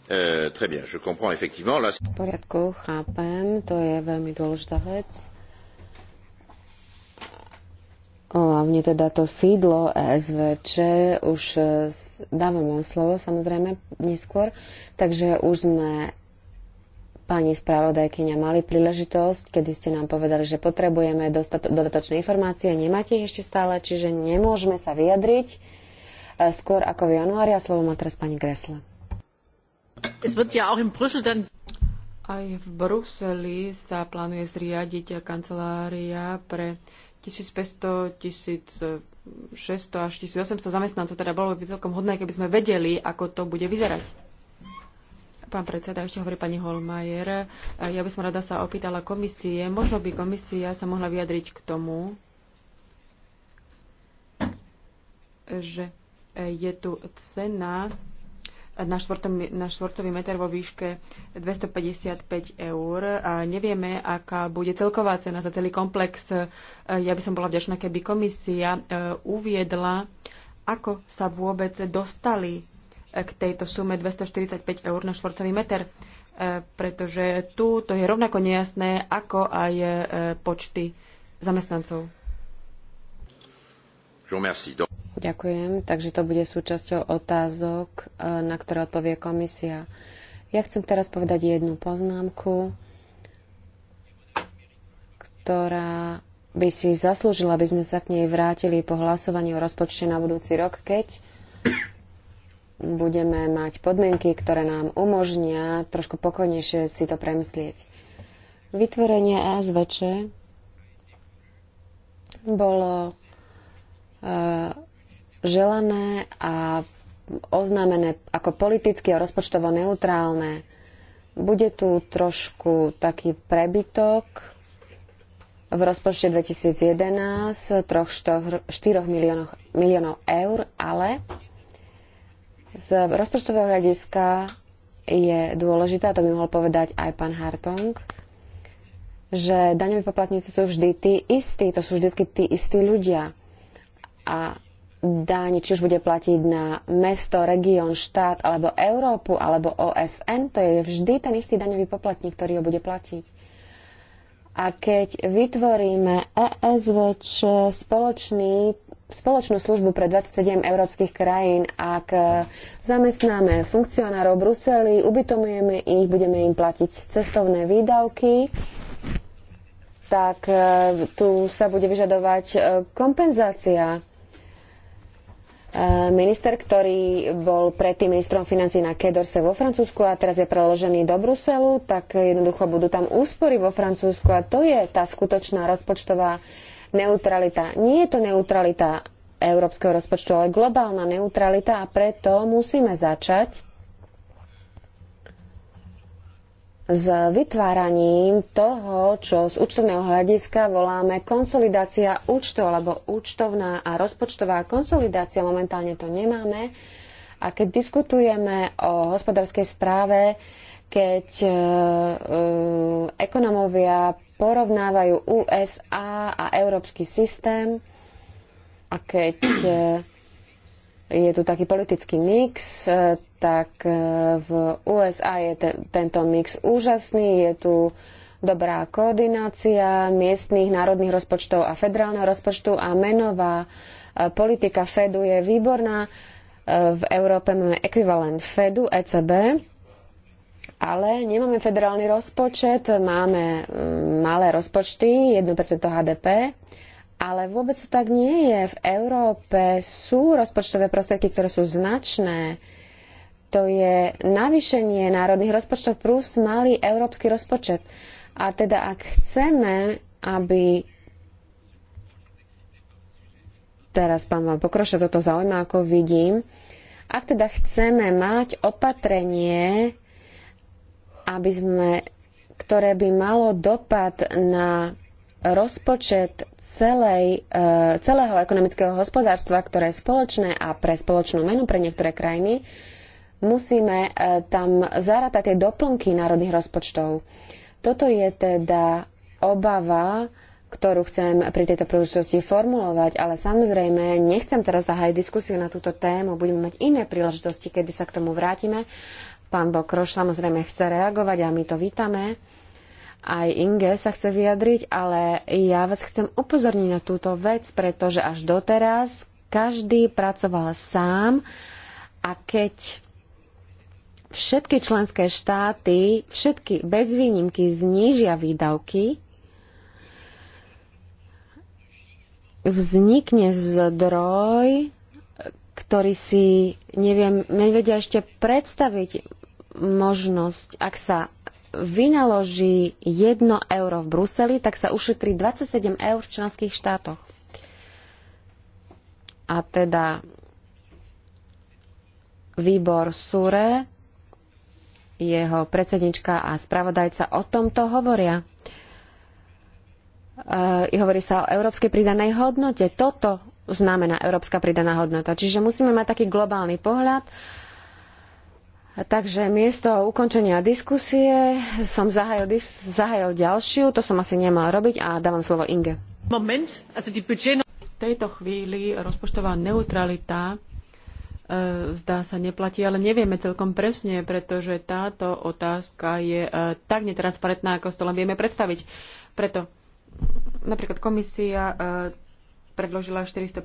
[SPEAKER 4] Uh, très bien, je comprends effectivement. La... V
[SPEAKER 3] poriadku,
[SPEAKER 1] chápem, to je veľmi dôležitá vec. Hlavne teda to sídlo SVČ, už eh, dávam vám slovo samozrejme neskôr, takže už sme pani spravodajkyňa mali príležitosť, kedy ste nám povedali, že potrebujeme dodatočné informácie, nemáte ich ešte stále, čiže nemôžeme sa vyjadriť e, skôr ako v januári a slovo má teraz pani Gresle.
[SPEAKER 3] Aj v Bruseli sa plánuje zriadiť kancelária pre 1500, 1600 až 1800 zamestnancov, teda bolo by celkom hodné, keby sme vedeli, ako to bude vyzerať. Pán predseda, ešte hovorí pani Holmajer. Ja by som rada sa opýtala komisie. Možno by komisia sa mohla vyjadriť k tomu, že je tu cena na, štvrtom, na štvrtový meter vo výške 255 eur. A nevieme, aká bude celková cena za celý komplex. Ja by som bola vďačná, keby komisia e, uviedla, ako sa vôbec dostali k tejto sume 245 eur na štvorcový meter, e, pretože tu to je rovnako nejasné, ako aj e, počty zamestnancov. Ďakujem. Takže to bude súčasťou otázok,
[SPEAKER 1] e, na ktoré odpovie komisia. Ja chcem teraz povedať jednu poznámku, ktorá by si zaslúžila, aby sme sa k nej vrátili po hlasovaní o rozpočte na budúci rok, keď budeme mať podmienky, ktoré nám umožnia trošku pokojnejšie si to premyslieť. Vytvorenie ASVČ bolo uh, želané a oznámené ako politicky a rozpočtovo neutrálne. Bude tu trošku taký prebytok v rozpočte 2011 3-4 miliónov, miliónov eur, ale z rozpočtového hľadiska je dôležité, a to by mohol povedať aj pán Hartong, že daňoví poplatníci sú vždy tí istí, to sú vždy tí istí ľudia. A daň, či už bude platiť na mesto, región, štát, alebo Európu, alebo OSN, to je vždy ten istý daňový poplatník, ktorý ho bude platiť. A keď vytvoríme ESVČ spoločný spoločnú službu pre 27 európskych krajín, ak e, zamestnáme funkcionárov Bruseli, ubytomujeme ich, budeme im platiť cestovné výdavky, tak e, tu sa bude vyžadovať e, kompenzácia. Minister, ktorý bol predtým ministrom financí na Kedorse vo Francúzsku a teraz je preložený do Bruselu, tak jednoducho budú tam úspory vo Francúzsku a to je tá skutočná rozpočtová neutralita. Nie je to neutralita európskeho rozpočtu, ale globálna neutralita a preto musíme začať s vytváraním toho, čo z účtovného hľadiska voláme konsolidácia účtov, alebo účtovná a rozpočtová konsolidácia. Momentálne to nemáme. A keď diskutujeme o hospodárskej správe, keď e, e, ekonomovia porovnávajú USA a európsky systém a keď eh, je tu taký politický mix, eh, tak eh, v USA je te, tento mix úžasný, je tu dobrá koordinácia miestných národných rozpočtov a federálneho rozpočtu a menová politika Fedu je výborná. V Európe máme ekvivalent Fedu, ECB, ale nemáme federálny rozpočet, máme mm, malé rozpočty, 1% HDP, ale vôbec to tak nie je. V Európe sú rozpočtové prostriedky, ktoré sú značné. To je navýšenie národných rozpočtov plus malý európsky rozpočet. A teda ak chceme, aby teraz pán vám pokroša toto zaujíma, ako vidím, ak teda chceme mať opatrenie, aby sme, ktoré by malo dopad na rozpočet celej, e, celého ekonomického hospodárstva, ktoré je spoločné a pre spoločnú menu pre niektoré krajiny, musíme e, tam zarátať tie doplnky národných rozpočtov. Toto je teda obava, ktorú chcem pri tejto príležitosti formulovať, ale samozrejme nechcem teraz zahájiť diskusiu na túto tému, budeme mať iné príležitosti, kedy sa k tomu vrátime Pán Bokroš samozrejme chce reagovať a my to vítame. Aj Inge sa chce vyjadriť, ale ja vás chcem upozorniť na túto vec, pretože až doteraz každý pracoval sám a keď všetky členské štáty, všetky bez výnimky znížia výdavky, vznikne zdroj, ktorý si neviem, nevedia ešte predstaviť možnosť, ak sa vynaloží 1 euro v Bruseli, tak sa ušetrí 27 eur v členských štátoch. A teda výbor SURE, jeho predsednička a spravodajca o tomto hovoria. E, hovorí sa o európskej pridanej hodnote. Toto znamená európska pridaná hodnota. Čiže musíme mať taký globálny pohľad. E, Takže miesto ukončenia diskusie som zahájil, dis- ďalšiu, to som asi nemal robiť a dávam slovo Inge.
[SPEAKER 3] Moment, also die budget... V tejto chvíli rozpočtová neutralita e, zdá sa neplatí, ale nevieme celkom presne, pretože táto otázka je e, tak netransparentná, ako si to len vieme predstaviť. Preto napríklad komisia e, predložila 450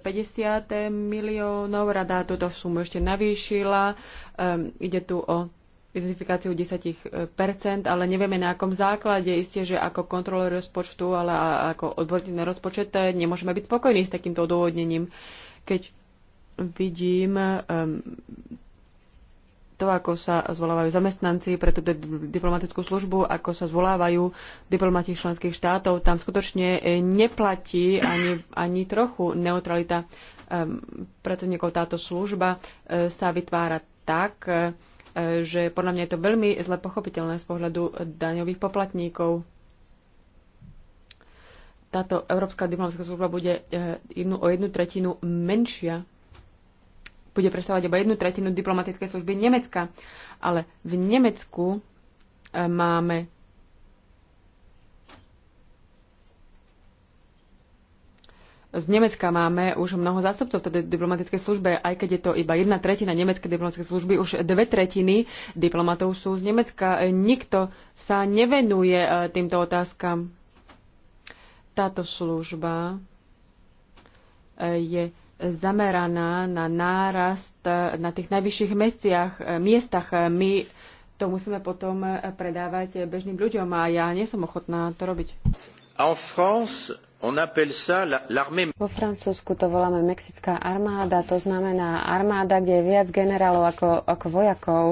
[SPEAKER 3] miliónov, rada túto sumu ešte navýšila. Um, ide tu o identifikáciu 10%, ale nevieme na akom základe. Isté, že ako kontroler rozpočtu, ale ako odborník na rozpočet eh, nemôžeme byť spokojní s takýmto odôvodnením. Keď vidím um, to, ako sa zvolávajú zamestnanci pre tú diplomatickú službu, ako sa zvolávajú diplomati členských štátov, tam skutočne eh, neplatí ani, ani trochu neutralita ehm, pracovníkov. Táto služba eh, sa vytvára tak, eh, že podľa mňa je to veľmi zle pochopiteľné z pohľadu daňových poplatníkov táto Európska diplomatická služba bude jednu, o jednu tretinu menšia bude predstavovať iba jednu tretinu diplomatickej služby Nemecka. Ale v Nemecku e, máme Z Nemecka máme už mnoho zástupcov v tej diplomatickej službe, aj keď je to iba jedna tretina nemeckej diplomatickej služby, už dve tretiny diplomatov sú z Nemecka. E, nikto sa nevenuje e, týmto otázkam. Táto služba je zameraná na nárast na tých najvyšších mestiach, miestach. My to musíme potom predávať bežným ľuďom a ja nie som ochotná to robiť.
[SPEAKER 4] En France, on appelle ça la,
[SPEAKER 3] Vo Francúzsku
[SPEAKER 1] to voláme Mexická armáda, to znamená armáda, kde je viac generálov ako, ako vojakov.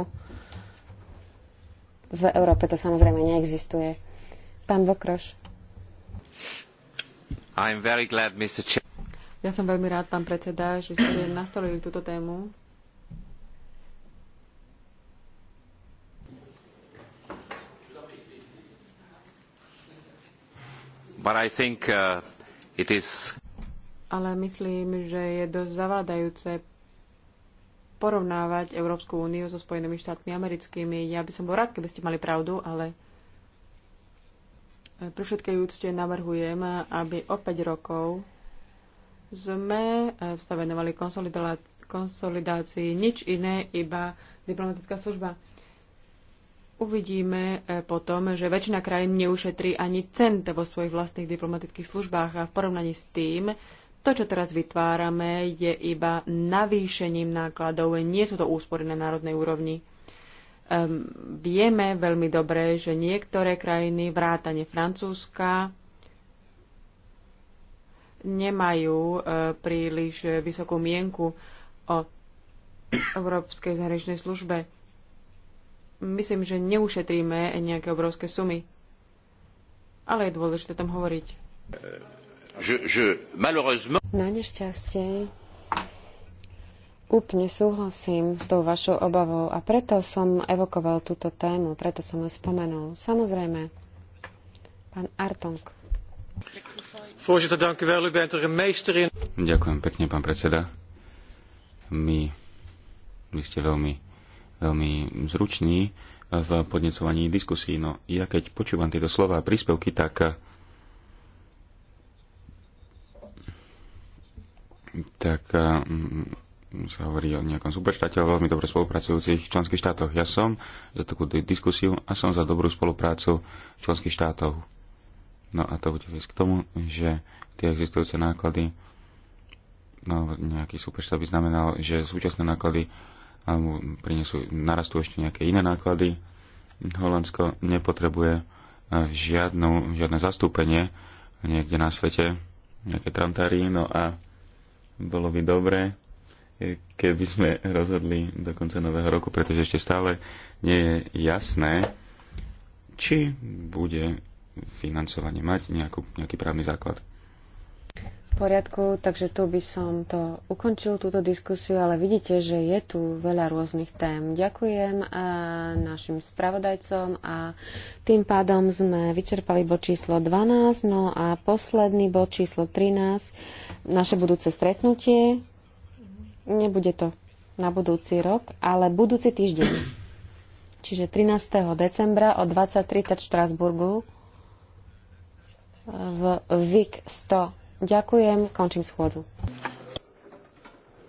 [SPEAKER 1] V Európe to samozrejme neexistuje.
[SPEAKER 3] Pán Vokroš.
[SPEAKER 2] I'm very glad, Mr. Chair.
[SPEAKER 3] Ja som veľmi rád, pán predseda, že ste nastolili túto tému.
[SPEAKER 4] But I think uh, it is...
[SPEAKER 3] Ale myslím, že je dosť zavádajúce porovnávať Európsku úniu so Spojenými štátmi americkými. Ja by som bol rád, keby ste mali pravdu, ale pri všetkej úcte navrhujem, aby o 5 rokov sme sa e, venovali konsolidácii, nič iné, iba diplomatická služba. Uvidíme e, potom, že väčšina krajín neušetrí ani cent vo svojich vlastných diplomatických službách a v porovnaní s tým, to, čo teraz vytvárame, je iba navýšením nákladov, nie sú to úspory na národnej úrovni. Um, vieme veľmi dobre, že niektoré krajiny, vrátane Francúzska, nemajú e, príliš vysokú mienku o Európskej zahraničnej službe. Myslím, že neušetríme nejaké obrovské sumy. Ale je dôležité tam hovoriť. Na
[SPEAKER 1] nešťastie úplne súhlasím s tou vašou obavou a preto som evokoval túto tému, preto som ju spomenul. Samozrejme, pán Artong.
[SPEAKER 2] Ďakujem pekne, pán predseda. My, vy ste veľmi, veľmi zruční v podnecovaní diskusí. No ja keď počúvam tieto slova a príspevky, tak tak mm, sa hovorí o nejakom superštáte, o veľmi dobre spolupracujúcich členských štátoch. Ja som za takú diskusiu a som za dobrú spoluprácu členských štátov No a to bude viesť k tomu, že tie existujúce náklady, no nejaký superštát by znamenal, že súčasné náklady alebo prinesú, narastú ešte nejaké iné náklady. Holandsko nepotrebuje eh, žiadnu, žiadne zastúpenie niekde na svete, nejaké trantári, no a bolo by dobré, eh, keby sme rozhodli do konca nového roku, pretože ešte stále nie je jasné, či bude financovanie mať nejakú, nejaký právny základ.
[SPEAKER 1] V poriadku, takže tu by som to ukončil, túto diskusiu, ale vidíte, že je tu veľa rôznych tém. Ďakujem našim spravodajcom a tým pádom sme vyčerpali bod číslo 12, no a posledný bod číslo 13, naše budúce stretnutie. Nebude to na budúci rok, ale budúci týždeň. Čiže 13. decembra o 20.30 v Štrasburgu v VIK 100. Ďakujem, končím schôdzu.